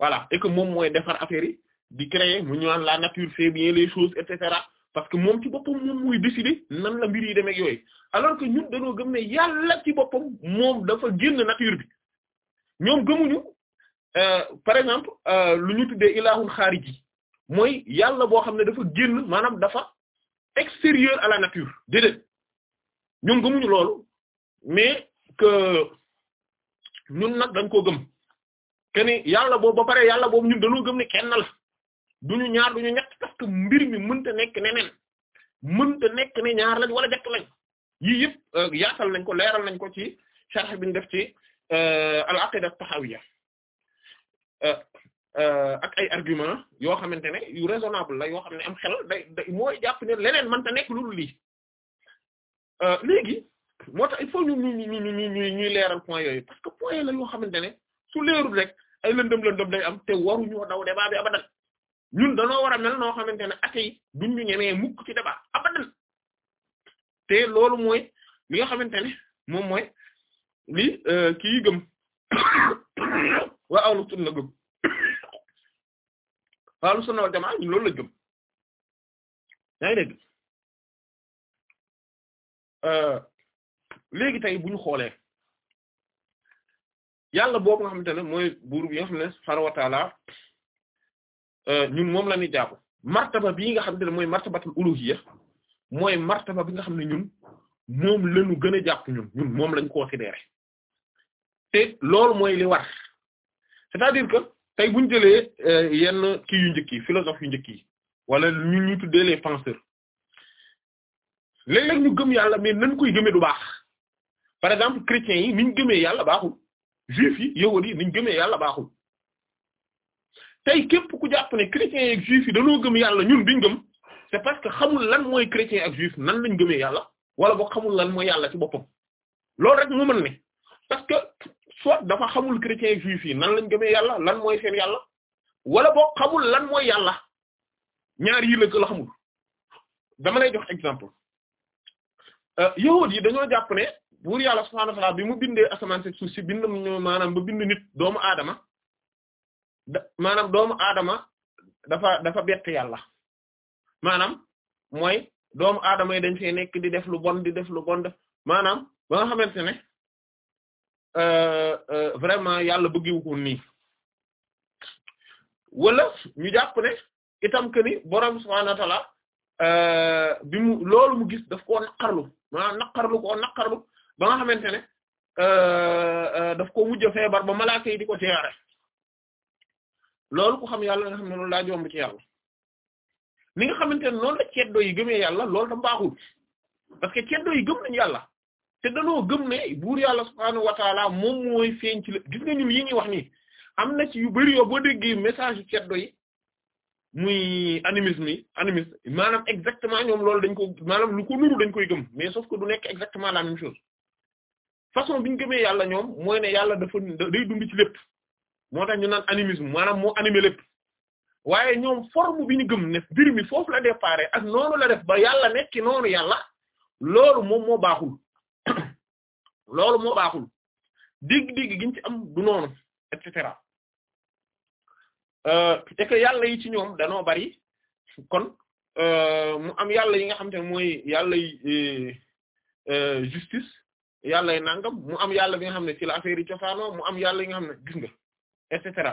voilà et que moom mooy defar affaire yi di créer mu ñëwaan la nature fait bien les choses et parce que moom ci boppam moom muy décider nan la mbir yi demee ak yooyu alors que ñun dañoo gëm ne yàlla ci boppam moom dafa génn nature bi ñoom gëmuñu Euh, par exemple euh, lu ñu tuddee ilahun xaariji mooy yàlla boo xam ne dafa génn maanaam dafa extérieur à la nature déedéet ñun gëmuñu loolu mais que ñun nag dañ koo gëm que ni yàlla boobu ba pare yàlla boobu ñun dañoo gëm ne kenn la ñaar duñu ñu parce que mbir mi mënta nekk neneen mënta nekk ne ñaar lañ wala ñett lañ yii yëpp euh, yaatal nañ ko leeral nañ ko ci sharh bi ñu def ci al aqida tahawiyya Euh, euh, ak ay argument yoo xamante ne yu la yoo xam ne am xel day day mooy jàpp ne leneen mënta nekk lu dul lii euh, léegi moo il faut ñu ñu ñu ñu ñu ñuy leeral point yooyu parce que point la yoo xamante ne su leerul rek ay lëndëm lëndëm lay am te waruñoo daw débat a abadan ñun danoo war a mel noo xamante ne at yi duñ ñu ñemee mukk ci débat abadan te loolu mooy li nga xamante ne moom mooy li kii gëm. waa ahlu sunna gëm waa jamaa ñun loolu la gëm yaa ngi euh, léegi tey bu xoolee yàlla boobu nga xamante ne mooy buur bi nga xam ne subhaanahu euh, ñun moom lañuy jàpp jàpp martaba bii nga xamante ne mooy martabatul uluhiyya mooy martaba bi nga xam ne ñun moom lañu gën a jàpp ñun ñun moom lañ considéré te loolu mooy li war c'est-à-dire que tey bu ñu jëlee euh, yenn kii yu njëkk yi philosophe yu njëkk wala ñu ñu tuddee les penseurs léeg-léeg ñu gëm yàlla mais nañ koy gëmee du baax par exemple chrétiens yi niñ gëmee yàlla baaxul juifs yi yawut yi niñ gëmee yàlla baaxul tey képp ku jàpp ne chrétiens yi ak yi dañoo gëm yàlla ñun duñ gëm c'est parce que xamul lan mooy chrétien ak juif nan lañ gëmee yàlla wala boo xamul lan mooy yàlla ci boppam loolu rek soit dafa xamul chrétien yi juif nan lañ gëmee yàlla lan mooy seen yàlla wala bo xamul lan mooy yàlla ñaar yii la ko xamul dama lay jox exemple euh, yahuud yi dañoo ñoo ne buur yàlla subhaanahu wa ta'aala bi mu bindee asamaan si si bind maanaam ba bind nit doomu aadama da maanaam doomu aadama dafa dafa bett yàlla maanaam mooy doomu aadama yi dañ fee nekk di def lu bon di def lu bon def maanaam ba nga xamante ne Euh, euh, vraiment yàlla bëggiwu ko ni wala ñu jàpp ne itam que ni borom subhaanahu wa ta'aala euh, bi mu loolu mu gis daf koo naqarlu maanaam naqarlu koo naqarlu ba nga xamante ne daf ko mujj feebar ba malaaka yi di ko siyaare loolu ku xam yàlla nga xam ne loolu laa jomb ci yàlla ni nga xamante ne noonu la ceddo yi yàlla loolu da baaxul parce que ceddo yi gëm yàlla te danoo gëm ne buur yàlla subhaanahu wa moom mooy feeñ ci la gis nga ñun yi ñuy wax ni am na ci yu bari yoo boo déggee message yu ceddo yi muy animisme yi animisme maanaam exactement ñoom loolu dañ ko maanaam lu ko nuru dañ koy gëm mais sauf que du nekk exactement la même chose façon bi ñu gëmee yàlla ñoom mooy ne yàlla dafa day dund ci lépp moo tax ñu naan animisme maanaam moo animé lépp waaye ñoom forme bi ñu gëm ne mbir mi foofu la déparé ak noonu la def ba yàlla nekki noonu yàlla loolu moom moo baaxul loolu moo baaxul digg-digg giñ ci am du noonu et cetera euh, yàlla yi ci ñoom danoo bari kon euh, mu am yàlla yi nga xam te mooy yàlla yi euh, justice yàlla yi nangam mu am yàlla bi nga xam ne ci la affaire yi mu am yàlla yi nga xam ne gis nga et cetera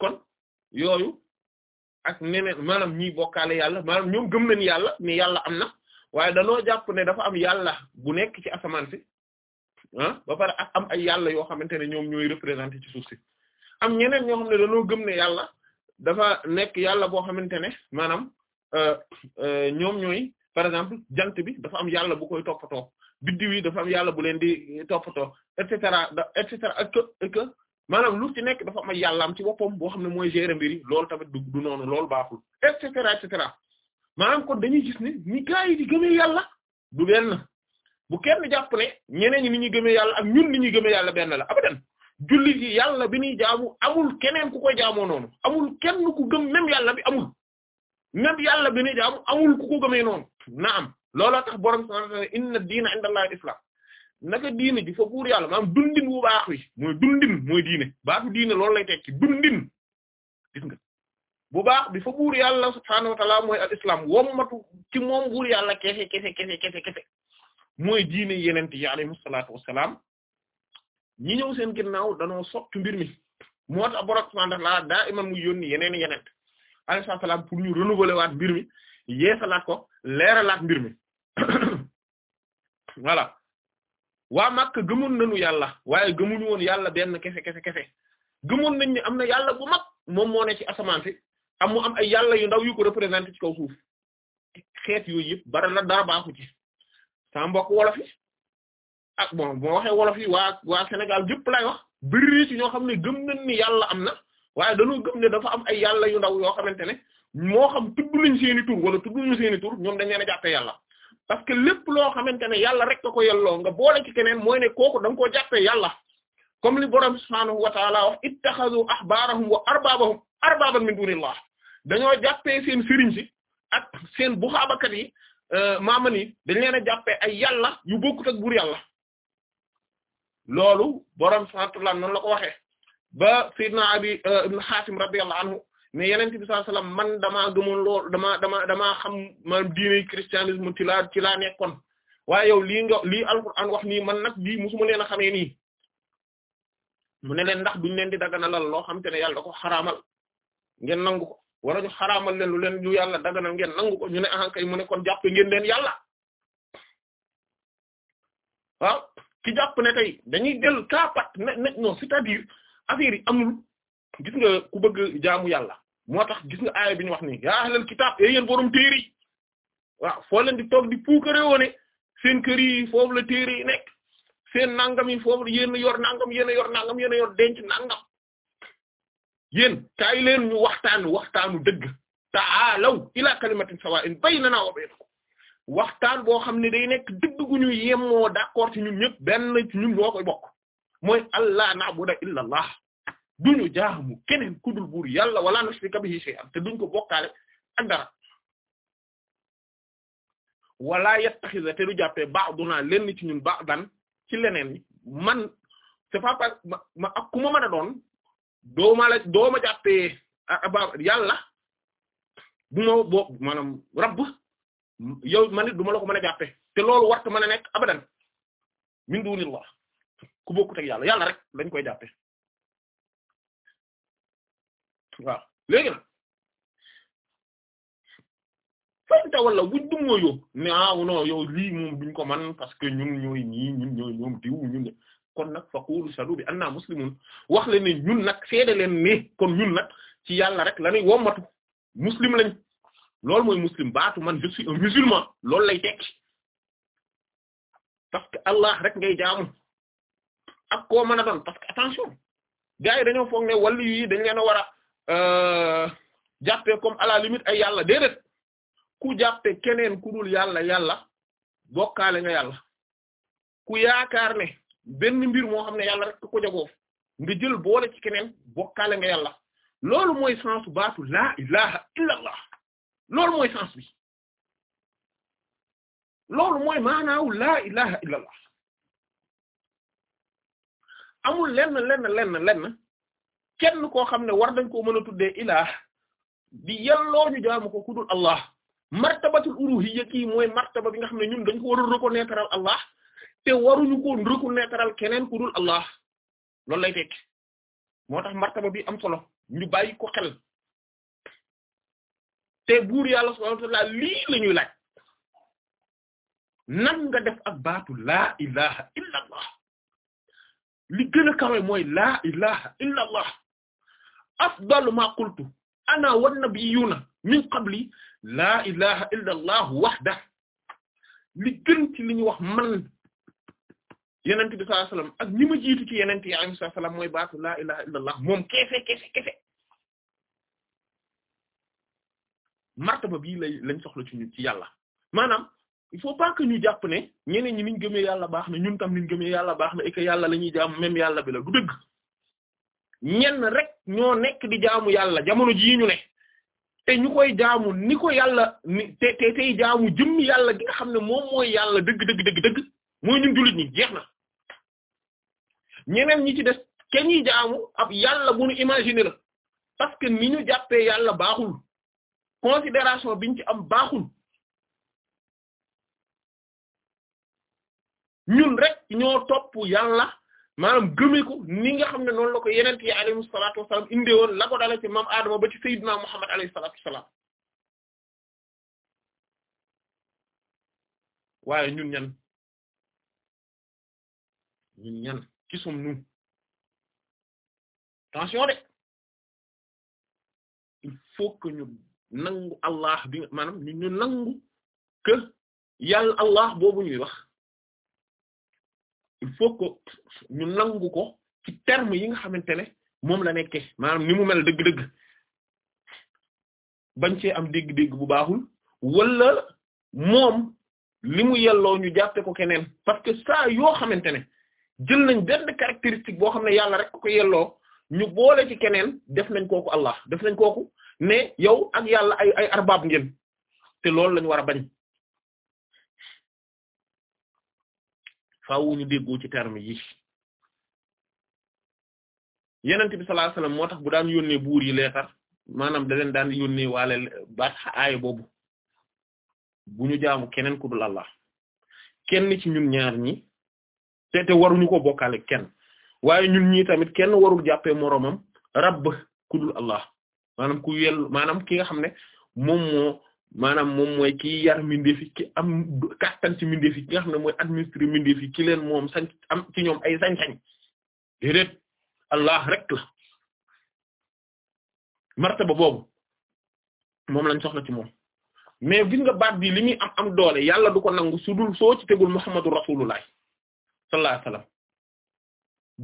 kon yooyu ak neneen maanaam ñiy bokkaale yàlla maanaam ñoom gëm nañu yàlla mais yàlla am na waaye danoo jàpp ne dafa am yàlla bu nekk ci asamaan si ah ba pare ak am ay yàlla yoo xamante ne ñoom ñooy représenté ci suuf am ñeneen ñoo xam ne danoo gëm ne yàlla dafa nekk yàlla boo xamante ne maanaam euh, euh, ñoom ñooy par exemple jant bi dafa am yàlla bu koy toppatoo biddiw yi dafa am yàlla bu leen di toppatoo et cetera a cetera ak maanaam lu ci nekk dafa am ay yàllaam ci boppam boo xam ne mooy gérer mbir yi loolu tamit du du noonu loolu baaxul et cetera et maanaam kon dañuy gis ne ni gaa yi di gëmee yàlla du benn bu kenn jàpp ne ñeneen ñi ni ñuy gëmee yàlla ak ñun ni ñuy gëmee yàlla benn la abadan jullit yi yàlla bi ñuy jaamu amul keneen ku koy jaamoo noonu amul kenn ku gëm même yàlla bi amul même yàlla bi ñuy jaamu amul ku gëmee noonu na am looloo tax borom subhaanahu wa ta'aala inna diina inda Allahi al-islaam naka diine ji fa buur yàlla maanaam dundin bu baax wi mooy dundin mooy diine baatu diine loolu lay tekki dundin gis nga bu baax bi fa buur yàlla subhaanahu wa mooy al islam wommatu ci moom buur yàlla kese kese kese kese kese mooy diine yenent yi alayhimu salaatu wassalaam ñi ñëw seen ginnaaw danoo soppi mbir mi moo tax borom subhaanahu wa ta'ala daa iman muy yónni yeneen yenent mbir mi yeesalaat ko leeralaat mbir mi voilà waa Makka gëmoon yàlla waaye gëmuñu woon yàlla benn kese kese kese gëmoon nañ ni am na yàlla bu mag moom moo ci asamaan si am mu am ay yàlla yu ndaw yu ko représenté ci xeet yoo yëpp bari na dara baaxu ci sama mbokk wolof yi ak ah, bon boo waxee wolof yi waa waa Sénégal yëpp lay wax bari ci ñoo xam ne gëm nañ ni yàlla am na waaye dañoo gëm ne dafa am ay yàlla yu ndaw yoo xamante ne moo xam tudd nañ seeni tur wala tudd nañ seeni tur da dañ leen a yàlla parce que lépp loo xamante ne yàlla rek ko yelloo nga boole ci keneen mooy ne kooku da nga koo jàppee yàlla comme li borom subhaanahu wa ta'ala wax ittakhadhu dañoo jàppee seen sëriñ si ak seen buxaabakat yi euh, maaman dañ leen a jàppee ay yàlla yu bokkut ak buur yàlla loolu borom santulaan noonu la ko waxee ba Seydina na euh, ibn Xaatim radiyallahu anhu ne yenente bi sallallahu alayhi wasallam man damaa gëmoon lool damaa damaa xam maanaam diine christianisme ci laa ci waaye yow lii nga lii alxuraan wax nii man nag bii musuma leen a xamee ni mu ne leen ndax duñ leen di daganalal loo xam te ne yàlla da ko xaraamal ngeen nangu ko wala ñu xaraamal leen lu leen lu yàlla daganal ngeen nangu ko ñu ne ah kay mu ne kon jàpp ngeen leen yàlla waaw ki jàpp ne tey dañuy del kaapat ne ne non cest affaire yi amul gis nga ku bëgg jaamu yàlla moo tax gis nga aaya bi ñu wax nii yaa ahlal kitaab e yéen borom téere yi waaw foo leen di toog di puukare woone seen kër yi foofu la téere yi nekk seen nangam yi foofu yéen yor nangam yéen yor nangam yéen yor denc nangam yéen kaay leen ñu waxtaan waxtaanu dëgg ta'aalaw ila kalimatin sawa'in baynana wa baynakum waxtaan boo xam ne day nekk dëgg gu ñu yemoo d'accord ci ñun ñëpp benn ci ñun keneen ku dul yàlla wala nushrika bihi shay'an te duñ ko bokkaale ak dara wala yattakhidha te du jàppee ba'duna lenn ci ci leneen man c'est pas parce ma ak ma mën doon dooma la dooma jàppee ah, ah, yàlla du ma boo maanaam rabb yow ma nit du ma la ko mën a jàppee te loolu warta mën a nekk abadan min dunillah ku bokkut ak yàlla yàlla rek lañ koy jàppee waaw léegi nag fanta wala buñ dummóoyoo ne ah non yow lii moom duñ ko man parce que ñun ñooy ñii ñun ñooy ñoom diw ñun kon nag faqulu shadu bi anna muslimun wax leen ne ñun nag seede leen ne kon yun nag ci yàlla rek lañuy wommatu muslim lañ loolu mooy muslim baatu man je suis musulman loolu lay tekki parce que Allah rek ngay jaamu ak koo mën a doon parce que attention gars yi dañoo foog ne wàllu yi dañ leen a war a euh, jàppee comme à limit limite ay yàlla déedéet ku jàppee keneen ku dul yàlla yàlla bokkaale nga yàlla ku yaakaar ne. benn mbir moo xam ne yàlla rek ko jagoof nga boole ci keneen bokkaale nga yàlla loolu mooy sensu baatu laa ilaha illa allah loolu mooy sens bi loolu mooy maanaaw laa ilaha illa allah amul lenn lenn kenn koo xam ne war dañ koo mën a tuddee ilaah di yelloo ñu jaamu ko ku dul allah martabatul uruhiyya kii mooy martaba bi nga xam ne ñun dañ ko war a reconnaître allah te waruñu ko reconnaître keneen ku Allah loolu lay tekki moo tax martaba bi am solo ñu bàyyi ko xel te buur yàlla subhaanahu wa lii la ñuy laaj nan def ak baatu laa ilaha illa allah li gën a kawe mooy laa ilaha illa allah ma qultu ana wan nabiyuna min qabli laa ilaha illa allah wahda li gën ci li wax man yenent bi sallallahu alayhi wasallam ak ñi ma jiitu ci yenent yi alayhi wasallam mooy baatu laa ilaha illallah moom kefe kefe kefe martaba bii lay lañ soxla ci ñun ci maanaam il faut pas que ñu jàpp ne ñeneen ñi niñ gëmee yàlla baax na ñun tam niñ gëmee yàlla baax na et que yàlla la ñuy jaamu même yàlla bi la du dëgg ñenn rek ñoo nekk di jaamu yàlla jamono jii ñu ne te ñu koy jaamu ni ko yàlla te tey jaamu jëmm yàlla gi xam ne moom mooy yàlla dëgg dëgg dëgg dëgg mooy ñun jullit ñi jeex na ñeneen ñi ci des kenn ñi jaamu ab yàlla bu la parce que ni ñu jàppee yàlla baaxul considération biñ ci am baaxul ñun rek ñoo topp yàlla maanaam gëmee ko nga xam ne noonu la ko yenent yi salaatu wasalaam indee woon la ko dala ci maam Adama ba ci Seydina Muhammad alayhi salaatu wasalaam ñan ñun ñan qui sommes-nous attention de il faut que ñu nangu allah bi maanaam ñu nangu que yàlla allah boobu ñuy wax il faut que ñu nangu ko ci terme yi nga xamante ne moom la nekke maanaam ni mu mel dëgg-dëgg bañ cee am dégg-dégg bu baaxul wala moom li mu yelloo ñu jàppe ko parce que saa yoo xamante ne jël nañ benn caractéristique boo xam ne yàlla rek ko yelloo ñu boole ci keneen def nañ kooku Allah def nañ kooku ne yow ak yàlla ay ay arbaab ngeen te loolu lañ war a bañ faaw ñu déggoo ci terme yi yenent bi sallallahu alayhi moo tax bu daan yonne buur yi leetar maanaam da leen daan yónnee waale baat aaya boobu bu ñu jaamu keneen ku dul Allah kenn ci ñun ñaar ñi te te waruñu ko bokkaale kenn waaye ñu ñii tamit kenn warul jàppee moroomam rabb ku dul allah maanaam ku yell maanaam ki nga xam ne moom moo maanaam moom mooy ki yar mindeefi ki am kattan ci mindeefi ki nga xam ne mooy administrer mindeefi ki leen moom sañ am ci ñoom ay sañ-sañ déedéet allah rek la martaba boobu moom lañ soxla ci moom mais gis nga baat bi li muy am am doole yàlla du ko nangu su soo ci tegul muhammadu rasulullah sallallahu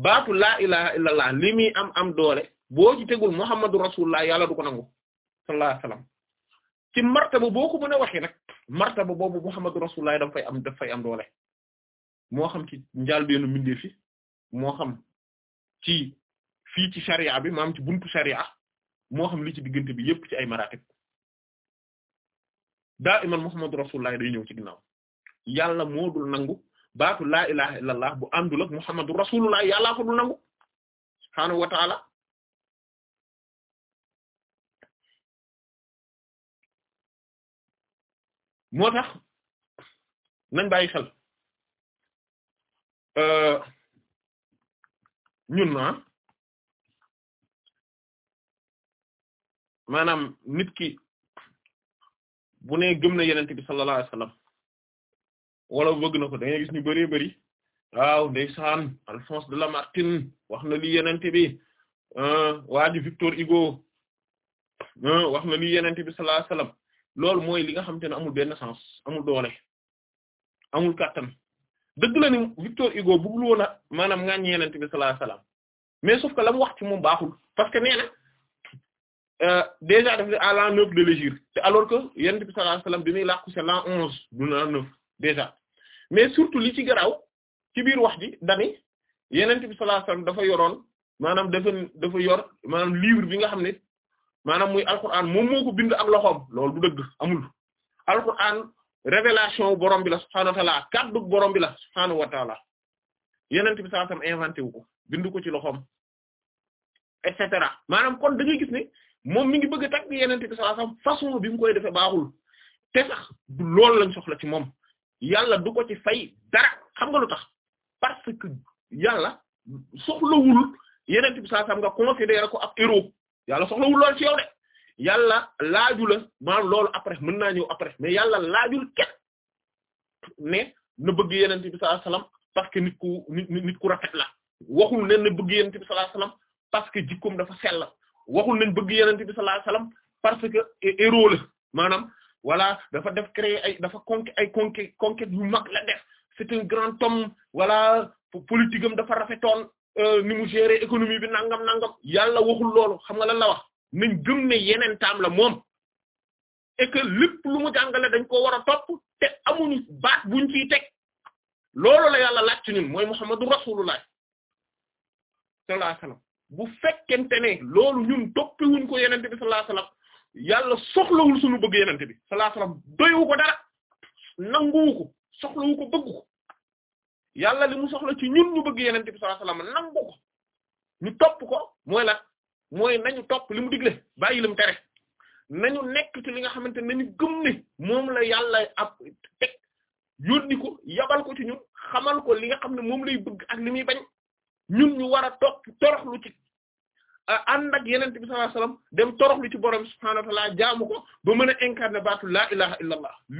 alayhi laa ilaha illallah am am doole boo ci tegul muhammadu rasulullah yàlla du ko nangu sallallahu alayhi wa sallam ci martaba boo ko mën a waxee nag martaba boobu muhammadu rasulullah daf fay am daf am doole moo xam ci njaalbeenu mbindeef fi moo xam ci fii ci sharia bi maam ci buntu sharia moo xam li ci diggante bi yépp ci ay maratib daa iman muhammadu rasulullah day ñëw ci ginnaaw yàlla moo dul nangu baatu laa ilaha illallah bu àndul ak muhammadu rasulullah yàllaa ko nangu subhaanahu wa moo tax nañ bàyyi xel euh, ñun na ah, maanaam nit ki bu ne gëm na yenent bi wala bëgg na ko da ngay gis ñu bëree bëri waaw ndeysaan Alphonse de Lamartine wax na li yenente bi ah, waa ji Victor Hugo ah, wax na li yenente bi sallallahu alayhi loolu mooy li nga xamante ne amul benn sens amul doole amul kàttan dëgg la ni Victor Hugo bëggul woon a maanaam ngaañ yenente bi sallallahu mais sauf que la mu wax ci moom baaxul parce que nee euh, déjà daf ne à l'an neuf de l'hégire te alors que yonent bi sallallahu alayhi wasallam dañuy làkku c'est l'an du l'an neuf déjà mais surtout li ci garaaw ci biir wax ji dani yenent bi sallallahu dafa yoroon maanaam dafa dafa yor maanaam livre bi nga xam ne maanaam muy alquran moom moo ko bind ak loxoom loolu du dëgg amul alquran révélation borom bi la subhaanahu wa ta'ala kaddu borom bi la subhaanahu wa ta'ala yenent bi sallallahu alayhi wasallam inventé wu ko ci loxoom et cetera maanaam kon da ngay gis moom mi ngi bëgg a tagg yenent bi sallallahu façon bi mu koy defee baaxul te sax du lañ soxla ci moom yàlla du ko ci fay dara xam nga lu tax parce que yàlla soxlawul yeneen bi saasam nga considérer ko ak héros yàlla soxlawul lool ci yow de yàlla laaju la maanaam loolu après mën naa ñëw après mais yàlla laajul kenn ne na bëgg yeneen bi sallallahu alayhi wasallam parce que nit ku nit ku rafet la waxul ne na bëgg yeneen bi sallallahu alayhi wasallam parce que jikkoom dafa sell waxul nañ bëgg yeneen bi sallallahu alayhi parce que héros la maanaam voilà dafa def créer ay dafa conquête ay conquête conquête yu mag la def c'est un grand homme voilà politique am dafa rafetoon euh, ni mu économie bi nangam nangam yàlla waxul loolu xam nga la wax nañ gëm ne yeneen taam la moom et que lépp lu jàngale dañ ko war a topp te amuñu baat buñ ciy teg loolu la yàlla laaj ci ñun mooy Muhammadu Rasulullah sallallahu alayhi wasallam bu fekkente ne loolu ñun toppiwuñ ko yeneen bi sallallahu yàlla soxlawul suñu bëgg yenente bi sallallahu alayhi wasallam ko dara nanguwu ko soxlawu ko bëgg yàlla li mu soxla ci ñun ñu bëgg yenente bi sallallahu alayhi nangu ko ñu topp ko mooy la mooy nañu topp li mu digle bàyyi li mu tere nañu nekk ci li nga xamante nañu gëm ne moom la yàlla ab teg yónni ko yabal ko ci ñun xamal ko li nga xam ne moom lay bëgg ak li muy bañ ñun ñu war a topp toroxlu ci a ak yeneen bi sallallahu alayhi dem toroxlu ci borom subhaanahu wa jaamu ko ba mën a incarner baatu laa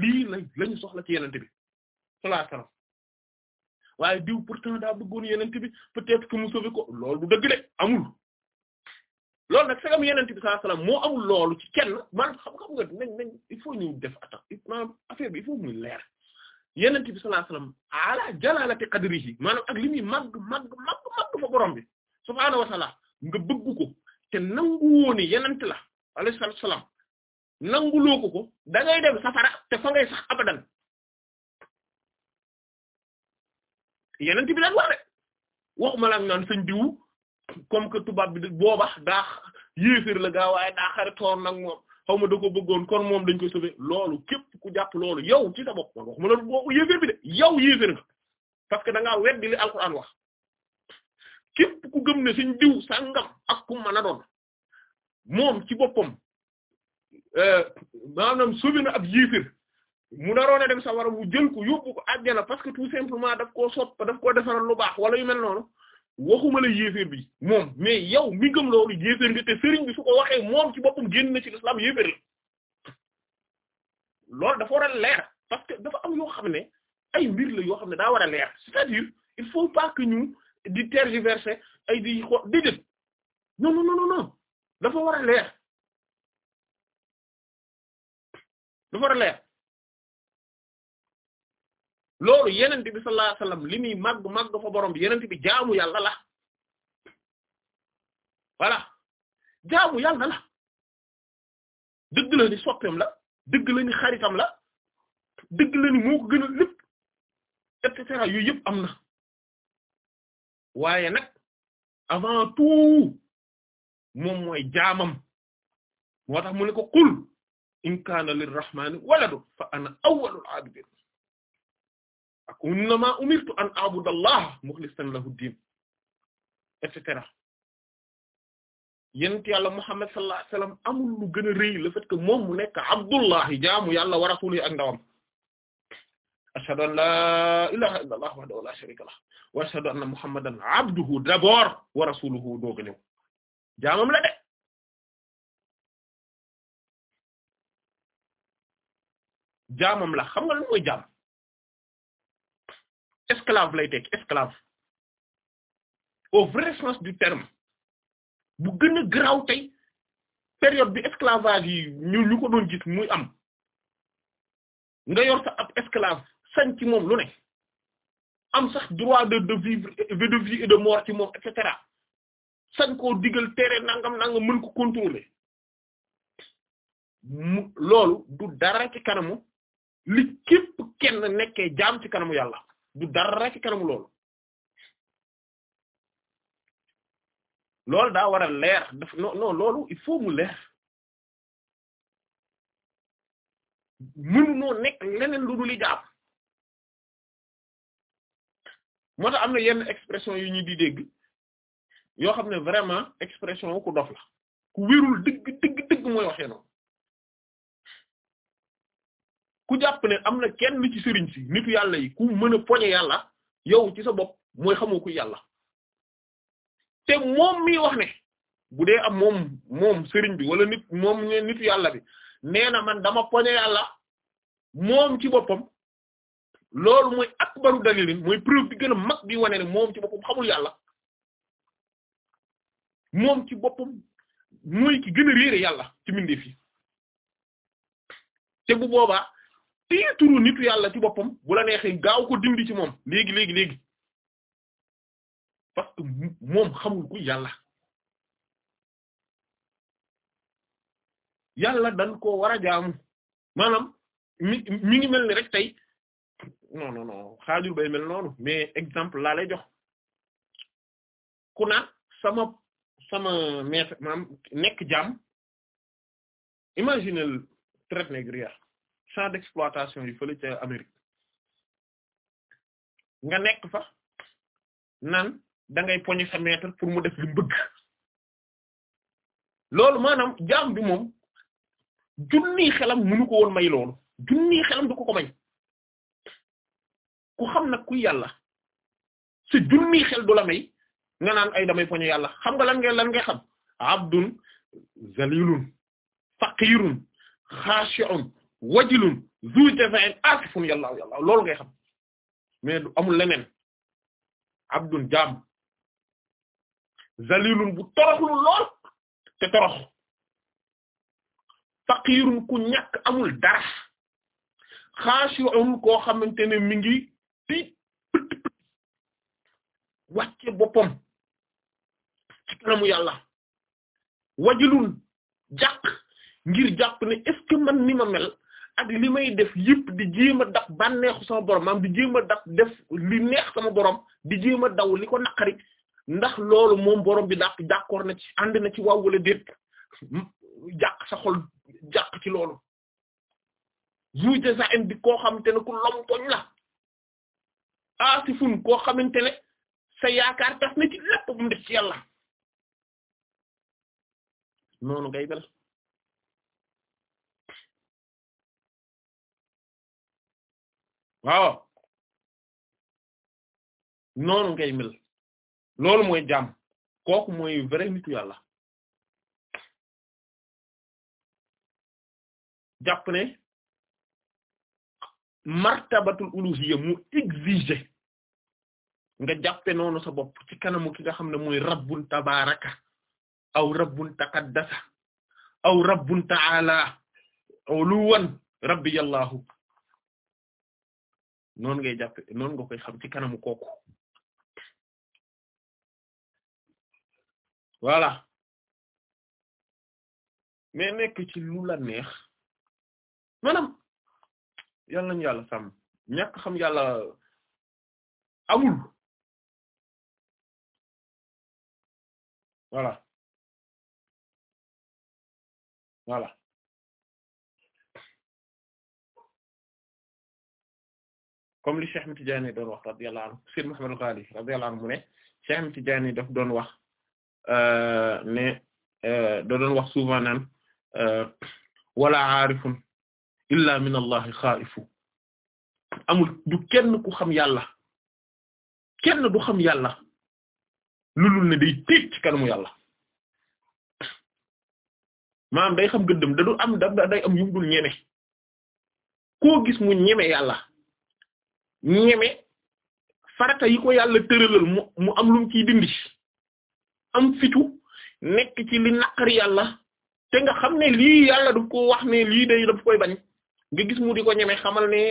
lii la lañu soxla ci yeneen bi sallallahu alayhi wasallam waaye daa bëggoon yeneen bi peut-être que mu sauver ko loolu du dëgg de moo amul loolu ci xam-xam nga nañ nañ ñu def affaire bi yeneen bi sallallahu alayhi wasallam ala jalalati li muy màgg màgg màgg màgg nga bëgg ko te nanguwoo ne yenent salaam nanguloo ko ko da ngay dem safara te fa ngay sax abadan yenent bi daal wax de waxuma la naan sëñ diwu comme que tubaab bi booba daa yéeféer la gaa waaye daa xaritoon nag moom xaw ma da ko bëggoon kon moom dañ ko sauver loolu képp ku jàpp loolu yow ci sa bopp man waxuma la boobu yéeféer bi de yow yéeféer nga parce que weddi li alquran wax képp ku gëm ne suñ diw sangam ak ku ma a doon moom ci boppam euh, maanaam sauvé na ab yiifir mu naroon a dem sawara mu jël ko yóbbu ko àjjana parce que tout simplement daf koo sopp daf koo defaral lu baax wala yu mel noonu waxuma la yéeféer bi moom mais yow mi gëm loolu yéeféer nga te sëriñ bi su ko waxee moom ci boppam génn na ci l'islam yéeféer la loolu dafa war leer parce que dafa am yoo xam ne ay mbir la yoo xam ne daa war a leer c'est-à-dire il faut pas que di tergiverser ay di xo déedéet non non non non dafa war a leer dafa war a leer loolu yenent bi sallallahu alayhi wasallam li muy màgg borom bi yenent bi jaamu yàlla la voilà jaamu yàlla la dëgg la ni soppeem la dëgg la ni xaritam la dëgg la ni moo ko gënal lépp et cetera yooyu yëpp am na waaye nag avant tout moom mooy jaamam moo tax mu ne ko qul in kaana lirrahmani waladu fa ana awwalul abidin ak innama umirtu an abudallah mukhlisan lahu din et cetera yent yàlla Muhammad sallallahu alayhi wasallam amul lu gën a rëy le fait moom mu nekk abdullahi jaamu yàlla wa rasuluhu ak ndawam ashhadu an la ilaha illa wa ashhadu anna muhammadan abduhu d'abord wa rasuluhu dooga ñëw la de jaamam la xam nga lan mooy jaam esclave lay tekki esclave au vrai sens du terme bu gën a garaaw tey période bi esclavage yi ñu ñu ko doon am nga yor ab esclave sañ ci moom lu ne am sax droit de de vivre de vie et de mort ci moom et cetera sañ koo digal tere nangam nangam mën ko contrôler loolu du dara ci kanamu li képp kenn nekkee jaam ci kanamu yàlla du dara ci kanamu loolu loolu daa wara a leer daf non non loolu il faut mu leer mënu noo nekk leneen lu dul li jaam moo am na yenn expression yu ñu di dégg yoo xam ne vraiment expression wu ku la ku wérul dëgg dëgg dëgg mooy waxee noonu ku jàpp ne am na kenn ci sëriñ si nitu yàlla yi ku mën a poñe yàlla yow ci sa bopp mooy xamoo ku yàlla te moom mi wax ne bu dee am moom moom sëriñ bi wala nit moom nitu yàlla bi nee na man dama poñe yàlla moom ci boppam loolu mooy akbaru dalilin mooy preuve bi gën a mag bi wane ne moom ci boppam ci boppam mooy ki gën a réere yàlla ci mbindeef yi te bu boobaa tiituru nitu yàlla ci boppam bu la neexee gaaw ko dindi ci moom léegi léegi léegi parce que moom xamul ku yàlla yàlla dañ ko war a jaamu maanaam mi mi ngi mel ni rek tey non non non xaajul bay mel noonu mais exemple laa lay jox ku naan sama sama maître maam nekk jàmm imaginez traite négrière champ d'exploitation yi fële ca Amérique nga nekk fa nan da ngay sa maître pour mu def lu bëgg loolu maanaam jaam bi moom junni xelam mënu ko woon may loolu junni xelam du ko ko may ku xam na kuy yàlla si junni xel du may nga naan ay damay poñu yàlla xam nga lan ngay lan ngay xam abdun zalilun faqirun xaashi'un wajilun zu jaza'in atifun yàlla yàlla loolu ngay xam mais du amul leneen abdun jaam zalilun bu toroxlu lool te torox faqirun ku ñàkk amul dara xaashi'un koo xamante ne mi ngi tiit wàcce boppam ci kanamu yàlla wajulul jàq ngir jàpp ne est man ni ma mel ak li may def yëpp di jéem a dab bànneexu sama borom maam di jéem a dab def li neex sama borom di jéem a daw li ko naqari ndax loolu moom borom bi dàq d'accord na ci ànd na ci waaw wala déet jàq sa xol jàq ci loolu. zu jaza'in bi koo xam te ne ku lom la aasifun koo xamante ne sa yaakaar tas na ci lépp ci yàlla noonu ngay mel waaw noonu ngay mel loolu moy jàmm kooku mooy vrai nitu yàlla jàpp ne martabatul uluhiyya mu exiger nga jàppe noonu sa bopp ci kanamu ki nga xam ne mooy rabbun tabaraka aw rabbun taqaddasa aw rabbun ta'ala uluwan rabbiyallahu noonu ngay jàppe noonu nga koy ci kanamu kooku voilà mais nekk ci lu la neex maanaam yal nañu yàlla sàmm ñàkk xam yàlla amul voilà voilà comme li Cheikh Ahmed Tidiane doon wax radiyallahu anhu Seydi Muhammad al-Ghali radiyallahu anhu mu ne Cheikh Ahmed Tidiane daf doon wax euh, ne euh, doon wax souvent naan euh, wala aarifun illa min allahi xaaifu amul du kenn ku xam yàlla kenn du xam yàlla lulul ne day tiit ci kanamu yàlla maanaam day xam gëddëm da du am da day am yum dul ñeme koo gis mu ñeme yàlla ñeme farata yi ko yàlla mu am lum ciy dindi am fitu nekk ci li naqar yàlla te nga xam ne lii yàlla daf ko wax ne lii day daf koy bañ nga gis mu di ko ñeme xamal ne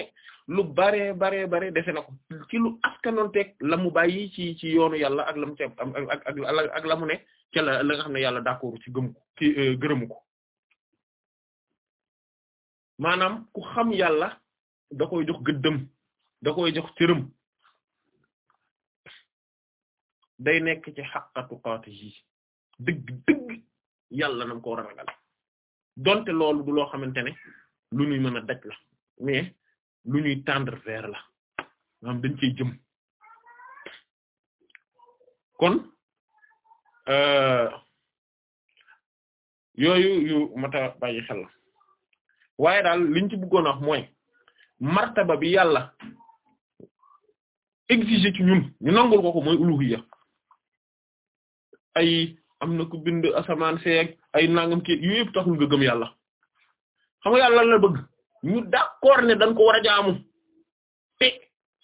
lu baree baree bare defe na ko lu askanoon teg la mu bàyyi ci ci yoonu yàlla ak la mu ceeb ak lamu ak ne ca la la nga xam ne yàlla d'accord ci gëm ko ci euh, gërëmu ko ku xam yàlla da koy jox gëddëm da koy jox cërëm day nekk ci xaqatu xaatu yi dëgg dëgg nam ko war a ragal donte loolu du loo xamante ne lu ñuy mën a daj la mais lu ñuy tendre vers la maanaam dañ cey jëm kon euh, yooyu yu mata bàyyi xel la waaye daal liñ ci bëggoon a wax mooy martaba bi yàlla exiger ci ñun ñu nangul ko ko mooy uluhiyya ay am na ku bind asamaan seeg ay nangam ki yooyu yëpp taxul nga gëm yàlla xam yàlla la bëgg ñu d'accord ne dañ ko war a jaamu te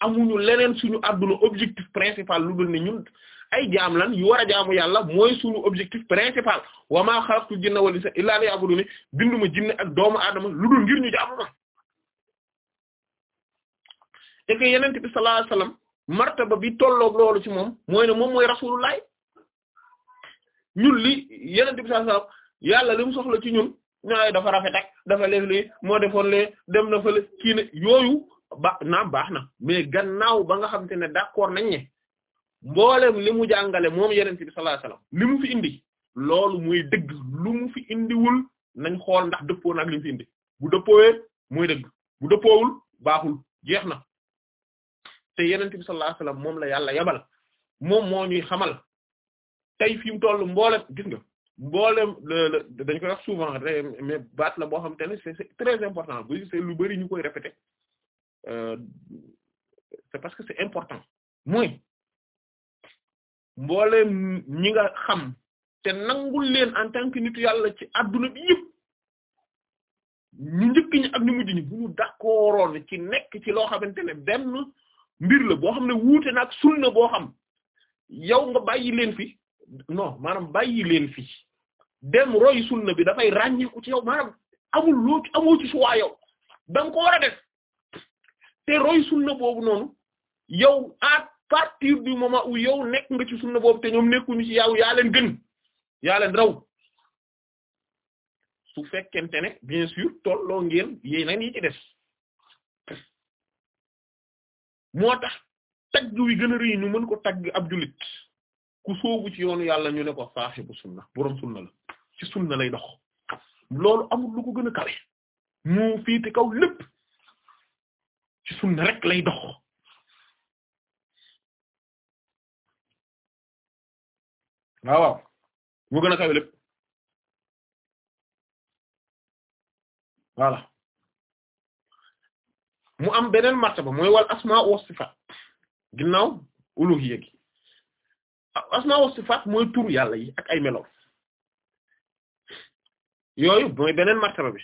amuñu leneen suñu àdduna objectif principal lu dul ne ñun ay jaam lan yu war a jaamu yàlla mooy suñu objectif principal wa maa xalaqtu jinna wal insa illaa liya'buduni binduma jinne ak doomu aadama lu dul ngir ñu jaamu ma et yeneen bi sallallahu alayhi wasallam martaba bi tolloog loolu ci moom mooy ne moom mooy rasulullah ñun li yeneen bi sallallahu alayhi wasallam yàlla li soxla ci ñun ñooy dafa rafet ak dafa leen lii moo defoon lee dem na fële kii ne yooyu ba naam baax na mais gannaaw ba nga xam te ne d'accord nañ ne mboolem li mu jàngale moom yeneen bi sallallahu alayhi wasallam fi indi loolu muy dëgg lu mu fi indiwul nañ xool ndax dëppoo nag ak li fi indi bu dëppoowee muy dëgg bu dëppoowul baaxul jeex na te yeneen bi sallallahu alayhi moom la yàlla yabal moom moo ñuy xamal tey fi mu toll mboolem mboolem dañ koy wax souvent mais baat la boo xamante ne c'est très important lu bari ñu koy répéter euh, c'est parce que c'est important mooy mboolem ñi nga xam ten nangul leen en tant que nitu yàlla ci adduna bi yëpp ñu njëkk ñi ak ñu mujj bu ñu d'accordoon ci nekk ci loo xamante ne benn mbir boo xam ne wuute na ak na boo xam yow nga bàyyi leen fi. non maanaam bàyyi leen fi dem roy sunna bi dafay ràññeeku ci yow maanaam amul loo amoo ci suwaa yow da nga ko war a def te roy sunna boobu noonu yow à partir du moment où yow nekk nga ci sunna boobu te ñoom nekkuñu ci yow yaa gën yaa raw su fekkente ne bien sûr tolloo ngeen yéen a des moo tax tagg wi gën a rëy ñu mën ko tagg ab jullit ku soobu ci yoonu yàlla ñu ne ko saaxibu sunna boroom sunna la ci sunna lay dox loolu amul lu ko gën a kawe mu fiite kaw lépp ci sunna rek lay dox waaw waaw mu gën a kawe lépp voilà mu am beneen martaba mooy wal asma wa sifat ginnaaw uluhiyya gi asmaa wa sifaat mooy tour yàlla yi ak ay melo yooyu mooy beneen martaba bi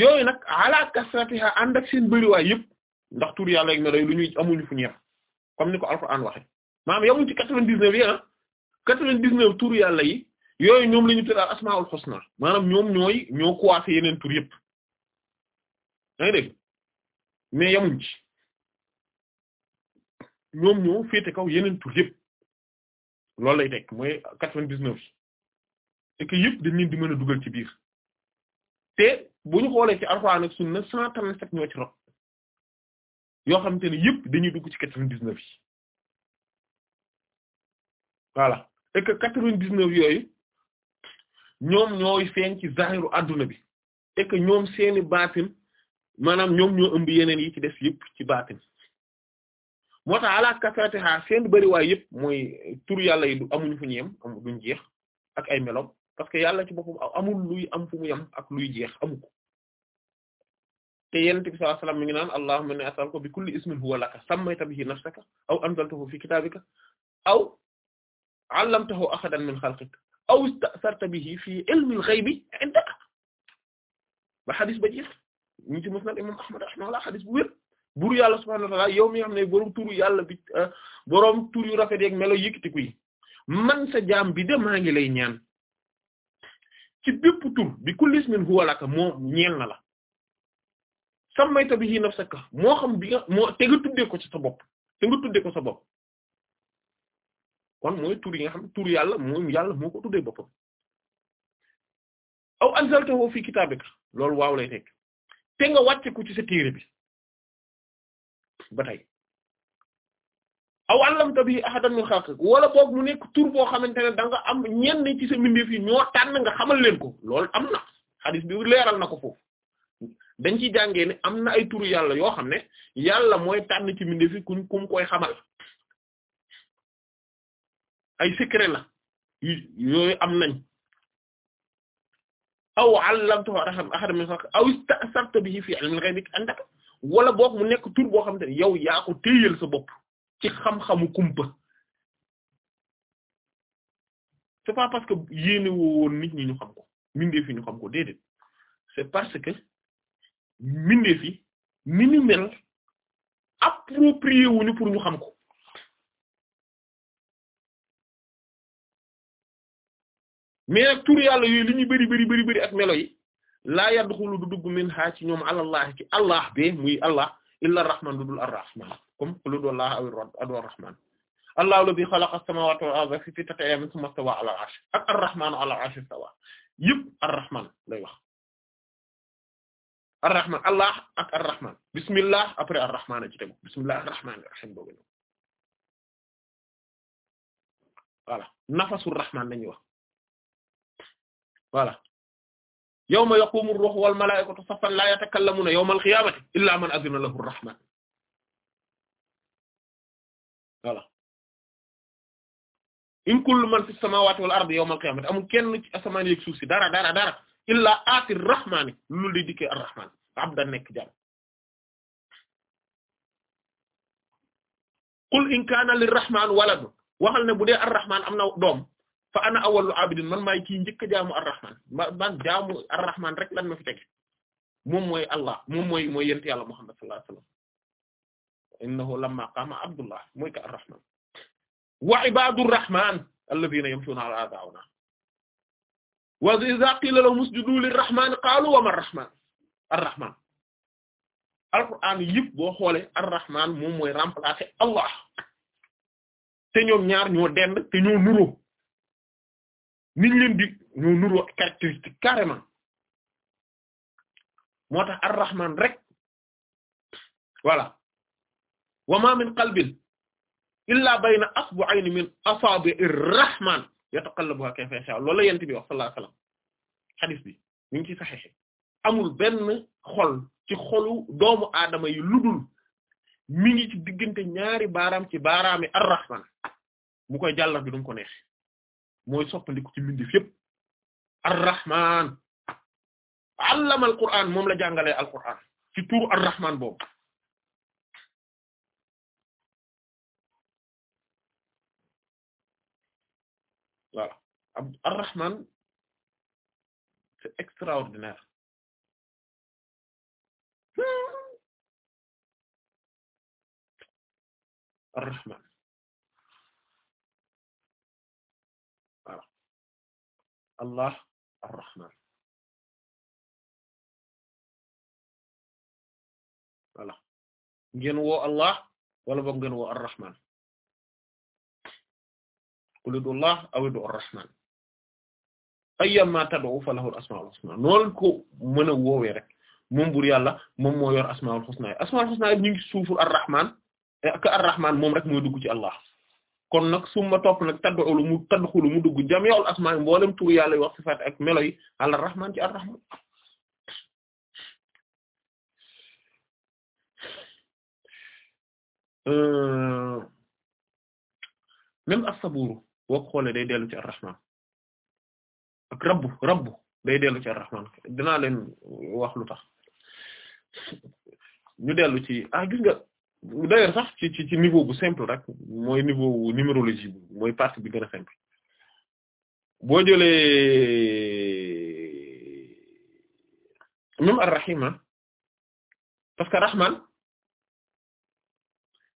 yooyu nag ala kasratiha ànd ak seen bëriwaay yëpp ndax tur yàlla ak yi lu ñuy amuñu fu ñeex comme ni ko alxuraan waxe maanaam yamuñ ci dix neuf yi ah dix neuf tur yàlla yi yooyu ñoom la ñu tuddaal asmaul husna maanaam ñoom ñooy ñoo coiffé yeneen tur yëpp da nga ñoom ñoo féete kaw yeneen tur yëpp loolu lay teg mooy quatre-vingt-dix-neuf et yëpp dañ leen a dugal ci biir te bu ñu xoolee ci Alxuraan ak sunna cent trente-sept ñoo ci rot yoo xamante ne yëpp dañuy dugg ci quatre vingt dix yi voilà et quatre vingt dix yooyu ñoom ñooy feeñ ci zahiru adduna bi et ñoom seeni baatin maanaam ñoom ñoo ëmb yeneen yi ci des yëpp ci baatin moo tax ala kasratiha seen bëriwaay yëpp mooy tur yàlla yi du amuñu fu ñu yem jeex ak ay parce que yàlla ci boppam amul luy am fu mu yem ak luy jeex amu ko te yonent bi sallallahu alayhi wasallam mi ngi naan allahumma inni as'aluka bi kulli ismin huwa laka sammayta bihi nafsaka aw anzaltahu fi kitabika aw 'allamtahu ahadan min khalqika aw ista'tharta bihi fi ilmi al-ghaybi 'indaka ba xadis ba jeex ñu ci musnad imam ahmad xadis bu wér buur yàlla subhaanahu wa ta'aala yow mi nga xam ne boroom turu yàlla bi ah, boroom tur yu rafet yeeg melo yëkkatiku yi man sa jaam bi de maa ngi lay ñaan ci bépp tur bi kullis min huwa laka moo ñeel na la sammayta bihi nafsaka moo xam bi nga moo te nga tuddee ko ci sa bopp te nga tuddee ko sa bopp kon mooy tur yi nga xam tur yàlla moom yàlla moo ko tuddee boppam aw anzaltahu fi kitaabika loolu waaw lay nekk te nga wàcce ci sa téere bi ba tey aw allamta bi ahadan min xalqik wala boog mu nekk tur boo xamante ne da nga am ñenn ci sa mbindeef yi ñoo tànn nga xamal leen ko lool am na xadis bi leeral na ko foofu dañ ciy jàngee ne am na ay turu yàlla yoo xam ne yàlla mooy tànn ci mbindeef yi kuñ kum koy xamal ay secret la yooyu am nañ aw allamta ahadan min xalqik aw istasarta bihi fi ilmil wala boog mu nekk tur boo xam te ne yow yaa ko téyal sa bopp ci xam-xamu kumpa c'est pas parce que yéene woon nit ñi ñu xam ko mbindeef ñu xam ko déedéet c'est parce que mbindeef yi ni ñu pour ñu xam ko mais nag tur yàlla yooyu li ñuy bari bari bari bari ak melo yi laa yadxulu du dugg min ha ñoom àlallaah ci allah bi muy allah illa rahman du dul arrahman comme lu dul awir adu arrahman allahu alladhi xalaqa allah ak arrahman bismillah après arrahman a ci tegu bismillah arrahman rahim boobu ñoom voilà nafasu rahman yawma yaqumu ruh wal malaa'ikatu saffan laa yatakallamuna yawmal qiyaamati illaa man azina lahu rahman voilà in kullu man fi samawati wal ardi yawmal qiyamati amul kenn ci asamaan yeeg suuf si dara dara dara illaa aati rahmaani lu di dikkee ar-rahmaan abdan nekk jàmm. qul in kaana lir-rahmaan waladun waxal ne bu dee ar-rahmaan am na doom fa ana awwalu abidin man maay kii njëkk a jaamu arrahman ma man jaamu arrahman rek lan ma fi teg moom mooy allah moom mooy mooy yent yàlla muhammad sallallahu alayhi wasallam innahu lamma qama abdullah mooy ka arrahman wa ibadur rahman alladhina yamshuna ala allah te ñoom ñaar ñoo dend te ñoo nuroo niñ leen di ñoo nuroo caractéristique carrément moo tax ar rek voilà wa ma min qalbin illa bayna asbu'ayni min asabi'ir rahman yataqallabuha kayfa yasha loolu la bi wax sallallahu alayhi wasallam hadith bi ñu ngi ci saxexe amul benn xol ci xolu doomu aadama yi ludul mi ngi ci diggante ñaari baaraam ci baaraami ar mu koy jàll bi du ko neex mooy soppandiku ci mbindeef yëpp ar-rahman allama al-qur'an moom la jàngalee al-qur'an ci turu ar-rahman boobu voilà ar-rahman c'est extraordinaire hmm. ar-rahman allah ar-rahman voilà ngeen allah wala boog ngeen woo ar-rahman qul ud'u allah aw ud'u ar-rahman ayyama tad'u falahu al-asma'ul husna noonu ko mën a woowee rek moom bur yàlla moom moo yor asma'ul husna yi asma'ul husna yi ñu ngi suuful ar-rahman ak ar-rahman moom rek mooy dugg ci allah kon nag summa topp nag taddu olu mu taddu xulu mu dugg jami'ul asmaa mboolem tur yàlla yi wax sifaat ak melo yi ala rahmaan ci ar-rahmaan euh, même as-sabuuru boo xoolee day dellu ci ar-rahmaan ak rabbu rabbu day dellu ci ar-rahmaan dinaa leen waxlu lu tax ñu dellu ci ah gis nga d'ailleurs sax ci ci niveau bu simple rek mooy niveau numérologie bi mooy partie bi gën jëlee même ar-Rahima ah, parce que Rahman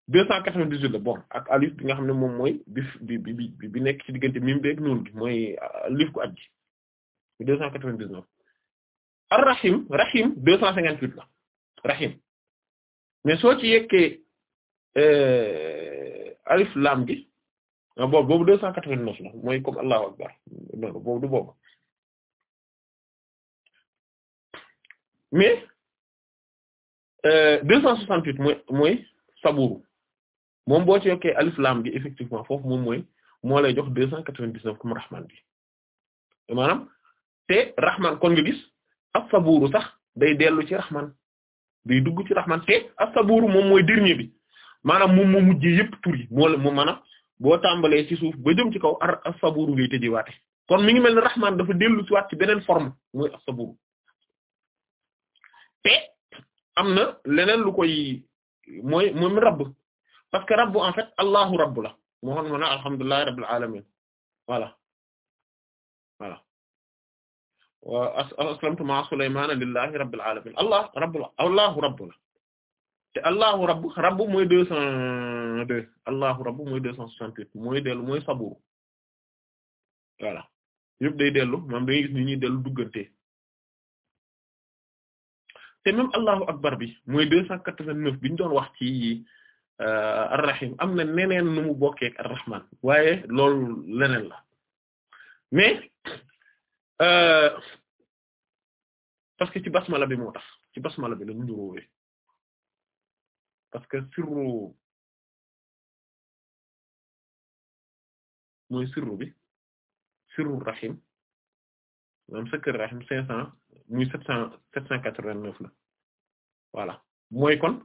deux cent quatre dix huit la bon ak alif bi nga xam ne moom mooy bi bi bi bi nekk ci diggante mim beeg noonu gi mooy euh, alif ku at deux cent quatre dix ar-Rahim deux cent cinquante-huit la Rahim mais soo ci yekkee euh, alif lam gi ah, boobu boobu deux cent quatre-vingt-neuf la mooy comme allahu akbar non du boobu mais euh, deux cent soixante-huit mooy mooy saburu moom boo ci yokkee alif lam gi effectivement foofu moom mooy moo lay jox deux cent quatre-vingt-dix-neuf comme rahman bi maanaam te rahman kon gis ak saburu sax day dellu ci rahman day dugg ci raxman te as-saburu moom mooy dernier bi maanaam moom moo mujjee yëpp tur yi moo moo maanaam boo tàmbalee ci suuf ba jëm kaw ar as-saburu ngay tëjewaate kon mi ngi mel ne raxman dafa dellu ci waat ci beneen forme mooy as-saburu te am na leneen lu koy mooy moom rabb parce que rabb en fait allahu rabb la moo xam ma na alhamdulillahi rabbil alamin voilà voilà aslamtu ma Sulaymaana lillahi rabbil alamin allah rabbul rabbu la te allahu rabbu rabbu mooy deux cent deux allahu rabbu mooy deux cent soixante-huit mooy dellu mooy saburu voilà yëpp day dellu moom day gis ñuy dellu duggante te même allahu akbar bi mooy deux cent quatre-vingt-neuf bi ñu doon wax ci euh, ar-rahim am na neneen nu mu bokkee ak waaye loolu leneen la mais Euh, parce que ci basmala bi moo tax ci basmala bi la ñu nduróowee parce que sirru mooy sirru bi sirru rahim maanaam secret rahim cinq cent muy sept cent sept cent quatre-vingt-neuf la voilà mooy kon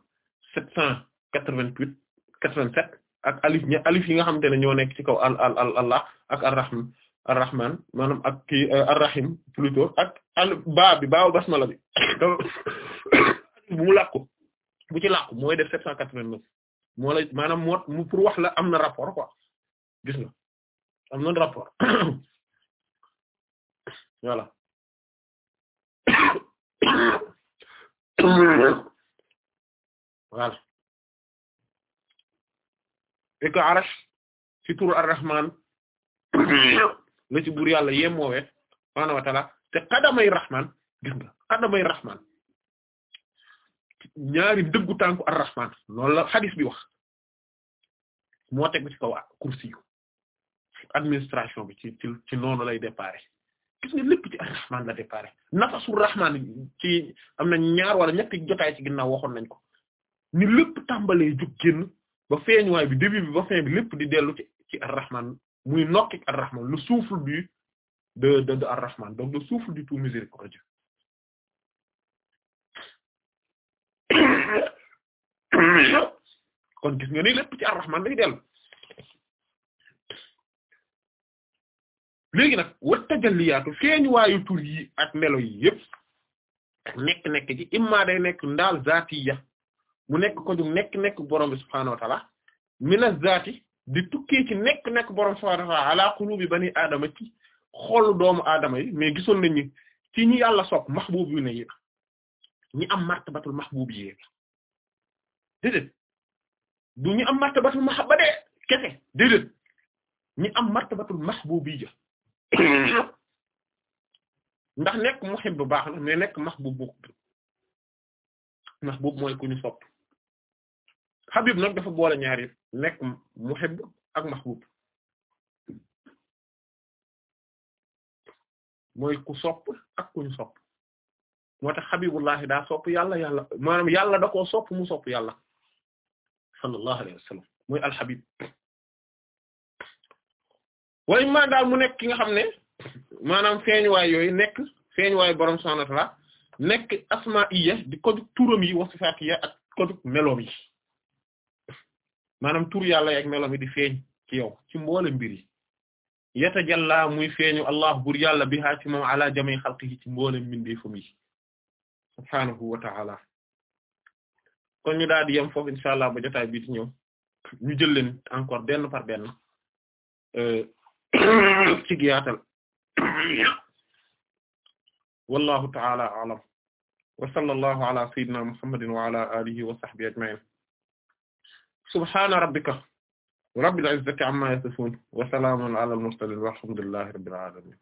sept cent quatre-vingt-huit quatre-vingt-sept ak alif ña yi nga xamante ne ñoo nekk ci kaw al ak ar ar-rahman maanaam ak kii euh, ar bi baaw basmala bi bu mu làkku bu ci làkku mooy def 789 moo lay maanaam moo mu pour wax la am na rapport quoi gis nga am na rapport voilà. voilà et que Arash ci turu la ci buur yàlla yemmoowee subhaanahu wa ta'ala te xadamay rahman gis nga xadamay rahman ñaari dëggu tànku ar rahman loolu la xadis bi wax moo teg ci kaw kursi yu administration bi ci noonu lay déparé gis nga lépp ci ar rahman la déparé nafasu rahman ci am na ñaar wala ñetti jotaay ci ginnaaw waxoon nañ ko ni lépp tàmbalee jug génn ba feeñuwaay bi début ba fin bi lépp di dellu ci ci ar muy nokki ar rahman le souffle du de de de ar rahman donc le souffle du tout miséricordieux kon gis nga ni lépp ci ar rahman lay dellu léegi nag wat tajalliyaatu feeñu waayu tur yi ak melo yi yëpp nekk nekk ci imma day nekk ndaal zaatiya mu nekk ko du nekk nekk borom bi subhaanahu wa mina zaati di tukkee ci nekk nekk borom subhaanahu wa ta'aala ala qulubi bani aadama ci xolu doomu aadama yi mais gisoon nañ ni ci ñi yàlla sopp mahbuub yu a yi ñi am martabatul mahbuub yi déedéet du ñi am martabatul mahabba de kese déedéet ñi ndax nekk muhib bu baax la mais nekk mahbub bu mahbub mooy ku ñu sopp Habib nag dafa boole ñaar nekk muhibb ak mahbub mooy ku sopp ak kuñ sopp moo tax Habibullahi daa sopp yàlla yàlla maanaam yàlla da koo sopp mu sopp yàlla sallallahu alayhi wa sallam mooy alxabib way maa daal mu nekk ki nga xam ne maanaam feeñuwaay yooyu nekk feeñuwaay borom subhanahu wa nekk asma iya di ko jug turam yi wa maanaam tur yàlla yeeg melam di feeñ ci yow ci mboole mbir yi yata muy feeñu allah bur yàlla bi haa ci moom ala jamay ci mboole mbindeefam yi subhaanahu wa ta'ala kon ñu daal di foofu incha allah ba jotaay bii ñëw ñu jël leen encore benn par benn euh, ci giyaatal wallahu ta'ala a'lam wa sallallahu ala sayyidina muhammadin wa ala wa sahbihi ajma'in subhaana rabbika rabbil izzati amma yasifun wa salaamun alal mursalin walhamdulillahi rabbil alamin